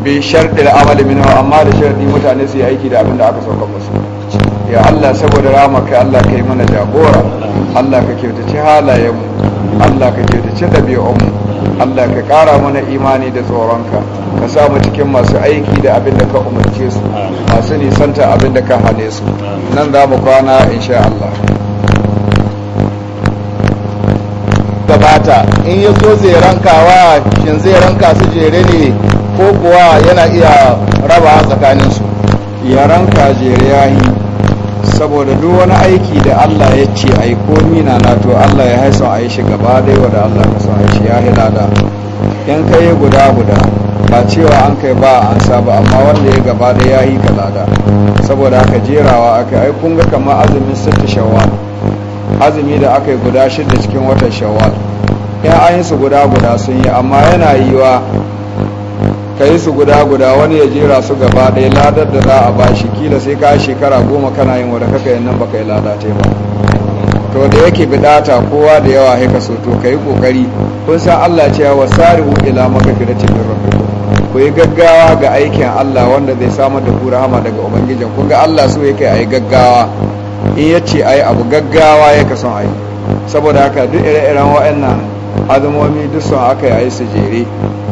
bi sharɗin amali minhu amma da sharɗi mutane su yi aiki da abinda aka sauka musu ya Allah saboda ramaka Allah ka yi mana jagora Allah ka kyautace halayenmu Allah ka kyautace ɗabi'unmu Allah ka ƙara mana imani da tsoronka ka sa mu cikin masu aiki da abin da ka umarce su masu nisanta abin da ka hane su nan za mu kwana insha Allah gabata in ya so zai rankawa shin zai ranka su jere ne ko kuwa yana iya raba tsakaninsu ya ranka jere ya yi. saboda duk wani aiki da Allah ya ce a yi komi na na to Allah ya haisa a yi shi gaba dai wa da Allah ka sa shi ya hilada in ka yi guda guda ba cewa an kai ba an saba amma wanda ya gaba da ya yi kalada saboda aka jerawa aka ai kun ga kamar azumin sitta shawwal azumi da aka yi guda da cikin watan shawwal ya ayin su guda guda sun yi amma yana yiwa ka yi su guda guda wani ya jera su gaba ɗaya ladar da za a ba shi kila sai ka shekara goma kana yin wadda kaka yin nan baka yi ladata ba to da yake bidata kowa da yawa haika so to ka yi kokari kun san allah cewa wa sari'u ila da min rabbikum ku yi gaggawa ga aikin allah wanda zai samar da ku rahama daga ubangijin kun ga allah so yake a yi gaggawa in ya ce a yi abu gaggawa ya ka son a yi saboda haka duk ire-iren wa'annan azumomi duk sun aka yi a yi su jere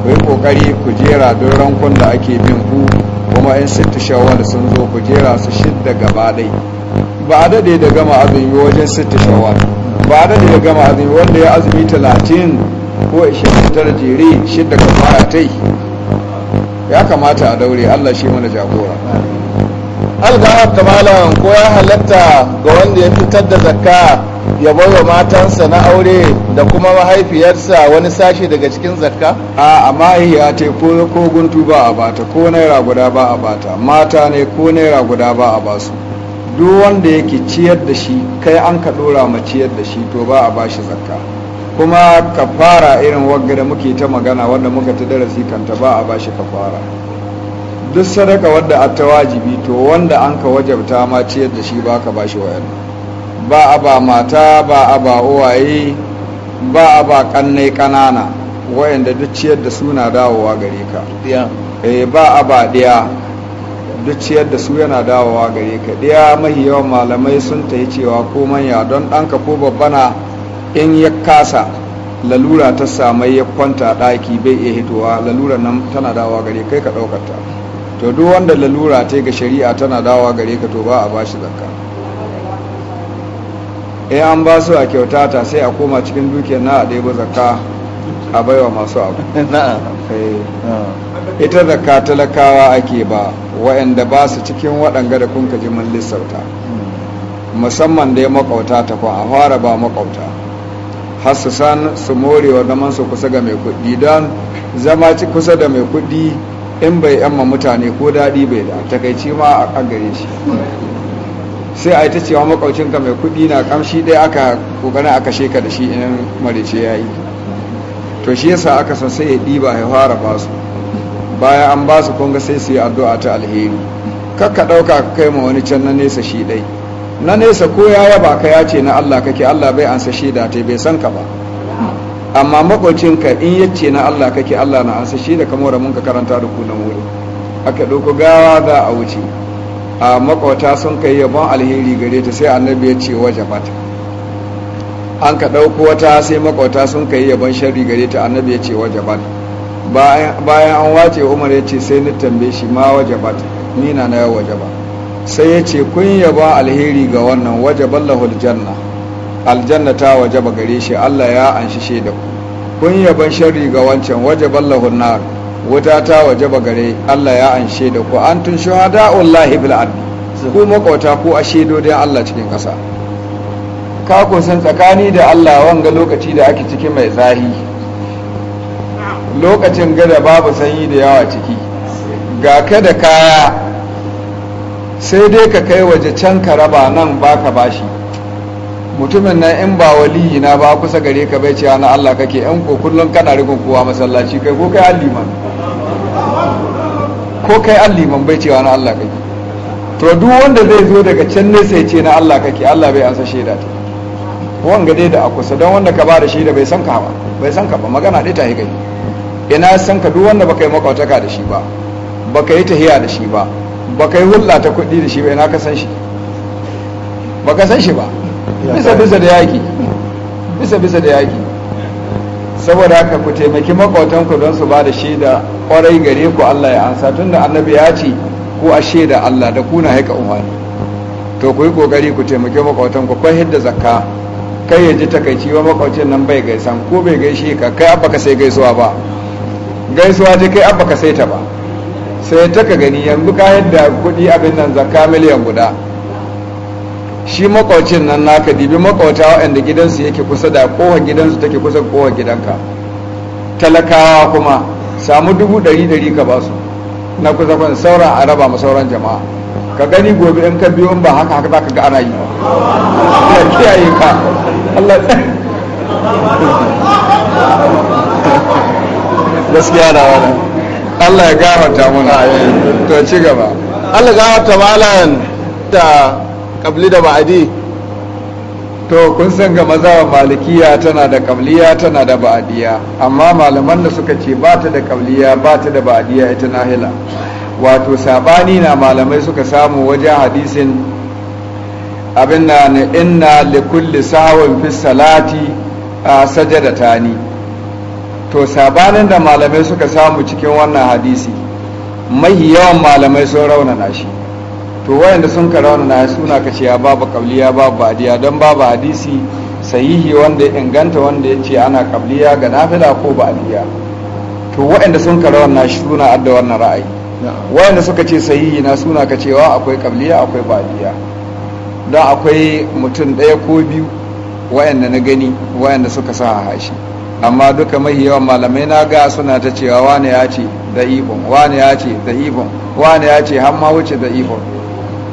ku yi kokari ku jera don rankun da ake bin ku kuma in sittu shawwal sun zo ku jera su shidda gaba ɗai ba a daɗe da gama azumi wajen sittu shawwal ba a daɗe da gama azumi wanda ya azumi talatin ko ishirin tara jere shidda gaba ta ya kamata a daure allah shi mana jagora alga malam ko ya halatta ga wanda ya fitar da zakka ya baiwa matansa na aure da kuma mahaifiyarsa wani sashe daga cikin zakka a amma ya ce ko ko guntu ba a bata ko naira guda ba a bata mata ne ko naira guda ba a basu duk wanda yake ciyar da shi kai an ka dora ma ciyar da shi to ba a bashi zakka kuma kafara irin wagga da muke ta magana wanda muka ta darasi kanta ba a bashi kafara duk sadaka wadda a ta wajibi to wanda an ka wajabta ma ciyar da shi ba ka ba shi ba a ba mata ba a ba uwaye ba a ba kannai kanana wayanda duk ciyar da suna dawowa gare ka eh ba a ba ɗaya duk ciyar da su yana dawowa gare ka ɗaya mahi yawan malamai sun tayi cewa ko manya don ɗanka ko babbana in ya kasa lalura ta samai ya kwanta ɗaki bai iya hitowa lalura nan tana dawowa gare kai ka ɗaukar ta to duk wanda lalura ta ga shari'a tana dawowa gare ka to ba a bashi zakka in eh, an ba su a kyauta ta sai a koma cikin dukiyar na a ɗebo zakka a baiwa masu abu eh. ita zakka talakawa ake ba waɗanda ba su cikin waɗanga da kun kaji mun lissauta hmm. musamman da ya makauta ta kwan a fara ba makauta har su san su morewa zaman su kusa ga mai kuɗi don zama kusa da mai kuɗi in bai yamma mutane ko daɗi bai da takaici ma a gare shi sai a yi ta cewa makaucinka mai kuɗi na kamshi ɗaya aka kokarin aka sheka da shi in marice ya yi to shi yasa aka san sai ya ɗiba ya fara ba su bayan an ba su kunga sai su yi addu'a ta alheri kakka ɗauka ka kai ma wani can na nesa shi ɗai na nesa ko ya yaba ka ya ce na allah kake allah bai ansa shi ta bai san ka ba amma makwacinka in ya ce na allah kake allah na ansa da ka da mun ka karanta da kunan wuri aka ɗauko gawa za a wuce a makwata sun kai yabon alheri gare ta sai annabi ya ce wajabat an ka ɗauko wata sai makwata sun kai yabon sharri gare ta annabi ya ce wajabat bayan an wace umar ya ce sai ni tambaye shi ma wajabat ni na na wajaba sai ya ce kun yaba alheri ga wannan wajaban lahul janna aljanna ta wajaba gare shi allah ya anshi shaida kun yaban sharri ga wancan wajaban lahul nar wuta ta waje bagare Allah ya anshe da ku antum shuhada wallahi bil ardi ku makota, ku a shedodin Allah cikin ƙasa ka ku san tsakani da Allah wanga lokaci da ake ciki mai zahi lokacin gada babu sanyi da yawa ciki ga ka da kaya sai dai ka kai waje can ka raba nan baka bashi mutumin nan in ba waliyi na ba kusa gare ka bai cewa ana Allah kake yan ko kullum kana rigon kowa masallaci kai ko kai alliman ko kai an liman bai cewa na Allah kake to duk wanda zai zo daga can ne sai ce na Allah kake Allah bai ansa shaida ta wanga dai da a kusa don wanda ka ba da shaida bai san ka ba bai san ka ba magana dai ta yi ina san ka duk wanda baka yi makwataka da shi ba baka yi tahiya da shi ba baka yi hulɗa ta kuɗi da shi ba ina ka san shi baka san shi ba bisa bisa da yaki bisa bisa da yaki saboda haka ku taimaki makwatanku don su ba da shaida kwarai gare ku Allah ya ansa tunda annabi ya ce ku a shaida Allah da kuna haika umarni to ku yi kokari ku taimaki makwatanku kai hidda zakka kai ya ji takaici wa makwacin nan bai gaisan ko bai gaishe ka kai abba ka sai gaisuwa ba gaisuwa ce kai abba ka sai ta ba sai ta ka gani yanzu ka yadda kuɗi abin nan zakka miliyan guda shi makwacin nan naka dibi makwata waɗanda gidansu yake kusa da kowa gidansu take kusa kowa gidanka talakawa kuma samu dubu ɗari ɗari ka ba su na kusa kwan sauran a raba sauran jama'a ka gani gobe in ka biyo ba haka haka ka ga ana yi ya kiyaye ka Allah gaskiya da wani. Allah ya gafarta mana to ci gaba Allah gafarta malayan da kabli da ba'adi to kun san ga maza malikiya tana da ƙabliya tana da ba'adiya amma malaman da suka ce ba ta da ƙabliya ba ta da ba'adiya ita nahila wato saɓani na malamai suka samu wajen hadisin abin na na inna kulli sahawin fi salati a sajadatani to sabanin da malamai suka samu cikin wannan hadisi mai yawan malamai sun raunana shi to wayanda sun karauna na suna kace ya babu qabliya babu ba'diya don babu hadisi sahihi wanda ya inganta wanda ya ce ana qabliya ga nafila ko ba'diya to wayanda sun karauna suna adda wannan ra'ayi wayanda suka ce sahihi na suna wa akwai qabliya akwai ba'diya dan don akwai mutum ɗaya ko biyu wayanda na gani wayanda suka sa hashi amma duka mahi yawan malamai na ga suna ta cewa wane ya ce da ibon wane ya ce da ibon wane ya ce har ma wuce da ibon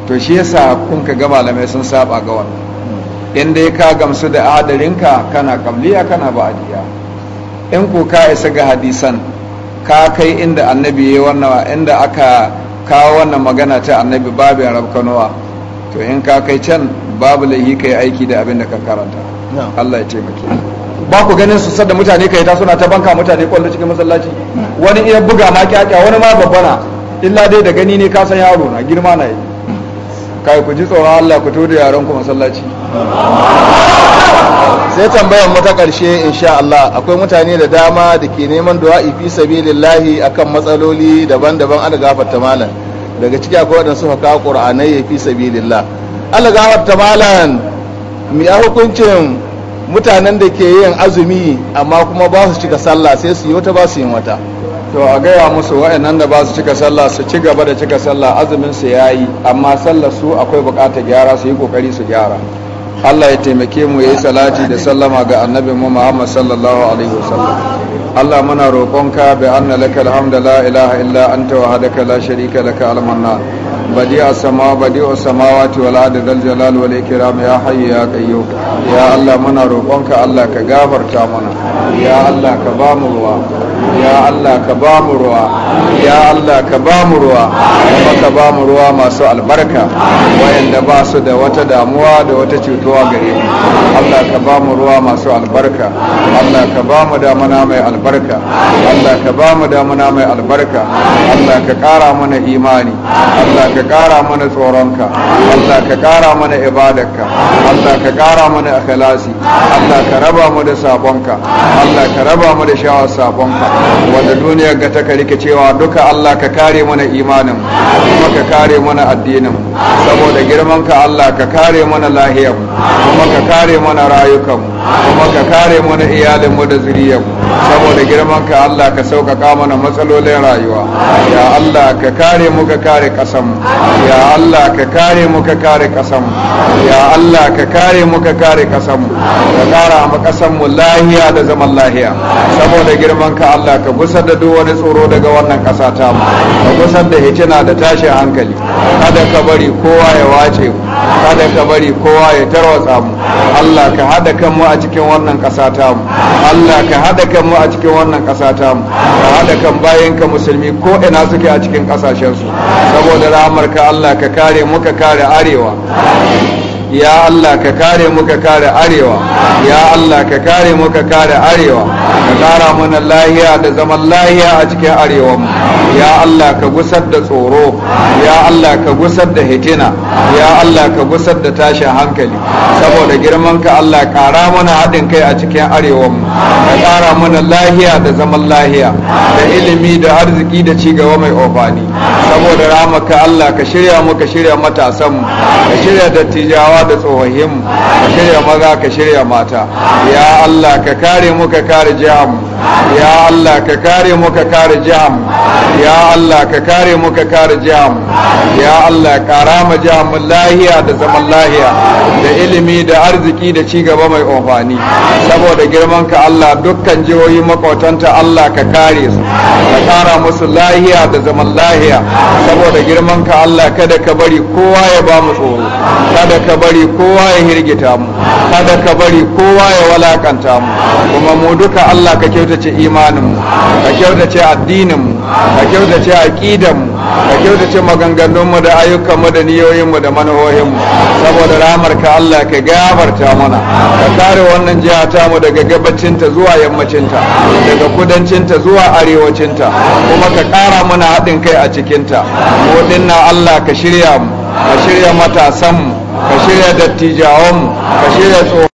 to shi yasa kun ka ga malamai sun saba ga wannan in dai ka gamsu da adarinka kana kamliya kana ba'adiyya. in ko ka isa ga hadisan ka kai inda annabi yi wannan inda aka kawo wannan magana ta annabi babin rabkanuwa to in ka kai can babu laihi kai aiki da abin da ka karanta Allah ya taimake ba ku ganin su sadda mutane kai ta suna ta banka mutane kwallo cikin masallaci wani iya buga ma kyakya wani ma babbana illa dai da gani ne ka san yaro na girma na yi kai ku ji tsoron Allah ku tudu yaran ku masallaci sai tambayar mu ta karshe insha Allah akwai mutane da dama da ke neman du'a'i fi sabilillahi akan matsaloli daban-daban an gafarta malam daga ciki akwai waɗansu suka kawo qur'anai fi sabilillah Allah gafarta malam mi hukuncin mutanen da ke yin azumi amma kuma ba su cika sallah sai su yi wata ba su yin wata to a gaya musu wa'annan da ba su cika sallah su ci gaba da cika sallah azumin su yayi amma sallar su akwai bukatar gyara su yi kokari su gyara Allah ya taimake mu yayi salati da sallama ga annabi mu Muhammad sallallahu alaihi wasallam Allah muna roƙonka bi anna lakal hamda la ilaha illa anta wahdaka la sharika laka al-mannan بديع jalal wal ikram ya hayy ya qayyum ya Allah muna roƙonka Allah ka gafarta mana ya Allah ka ba mu ruwa. ya Allah ka ba mu ruwa ya Allah ka ba mu ruwa kuma ka ba mu ruwa masu albarka wayanda ba su da wata damuwa da wata cutuwa gare mu Allah ka ba mu ruwa masu albarka Allah ka ba mu damuna mai albarka Allah ka ba mu damuna mai albarka Allah ka kara mana imani Allah ka kara mana tsoronka Allah ka kara mana ibadarka Allah ka kara mana ikhlasi Allah ka raba mu da sabonka Allah ka raba mu da sha'awar sabonka wanda duniyar ga ta karike cewa duka Allah ka kare mana imanin kuma ka kare mana addinin saboda girman ka Allah ka kare mana lahiyar kuma ka kare mana rayukan kuma ka kare mana iyalinmu da zuriyarmu saboda girman ka Allah ka sauƙaƙa mana matsalolin rayuwa ya Allah ka kare mu ka kare ƙasan. ya Allah ka kare mu ka kare ƙasan. ya Allah ka kare mu ka kare ƙasanmu ka ƙara mu ƙasanmu lahiya da zaman lahiya saboda girman ka Allah ka gusar da duk wani tsoro daga wannan ƙasa ta mu ka gusar da hitina da tashin hankali kada ka bari kowa ya wace mu kada ka bari kowa ya tarwatsa mu Allah ka hada kanmu a cikin wannan ƙasa ta mu Allah ka hada kanmu a cikin wannan ƙasa ta mu ka hada kan bayan ka musulmi ko ina suke a cikin ƙasashen su saboda rahamar ka Allah ka kare mu ka kare arewa ya Allah ka kare mu ka kare arewa ya Allah ka kare mu ka kare arewa ka kara mana lahiya da zaman lahiya a cikin arewa mu ya Allah ka gusar da tsoro ya Allah ka gusar da hitina ya Allah ka gusar da tashin hankali saboda girman ka Allah kara mana haɗin kai a cikin arewa mu ka kara mana lahiya da zaman lahiya da ilimi da arziki da cigaba mai ofani saboda ramaka Allah ka shirya mu ka shirya matasan mu ka shirya dattijawa talakawa da tsohahinmu ka shirya maza ka shirya mata ya Allah ka kare mu ka kare jam ya Allah ka kare mu ka kare jam ya Allah ka kare mu ka kare jam ya Allah kara ma jam lahiya da zaman lahiya da ilimi da arziki da ci gaba mai amfani saboda girman ka Allah dukkan jihohi makotanta Allah ka kare su ka kara musu lahiya da zaman lahiya saboda girman ka Allah kada ka bari kowa ya ba mu tsoro kada ka bari bari kowa ya hirgita mu kada ka bari kowa ya walakanta mu kuma mu duka Allah ka kyautace imanin mu ka kyautace addinin mu ka kyautace aqidan mu ka kyautace maganganun mu da ayyukanmu da niyoyin da manohohin saboda ramar ka Allah ka gabarta mana ka kare wannan jiha ta mu daga gabacin ta zuwa yammacin ta daga kudancin ta zuwa arewacin ta kuma ka kara mana haɗin kai a cikin ta mu dinna Allah ka shirya mu ka shirya matasan mu ka shirya dattijawanmu ka shirya tsohon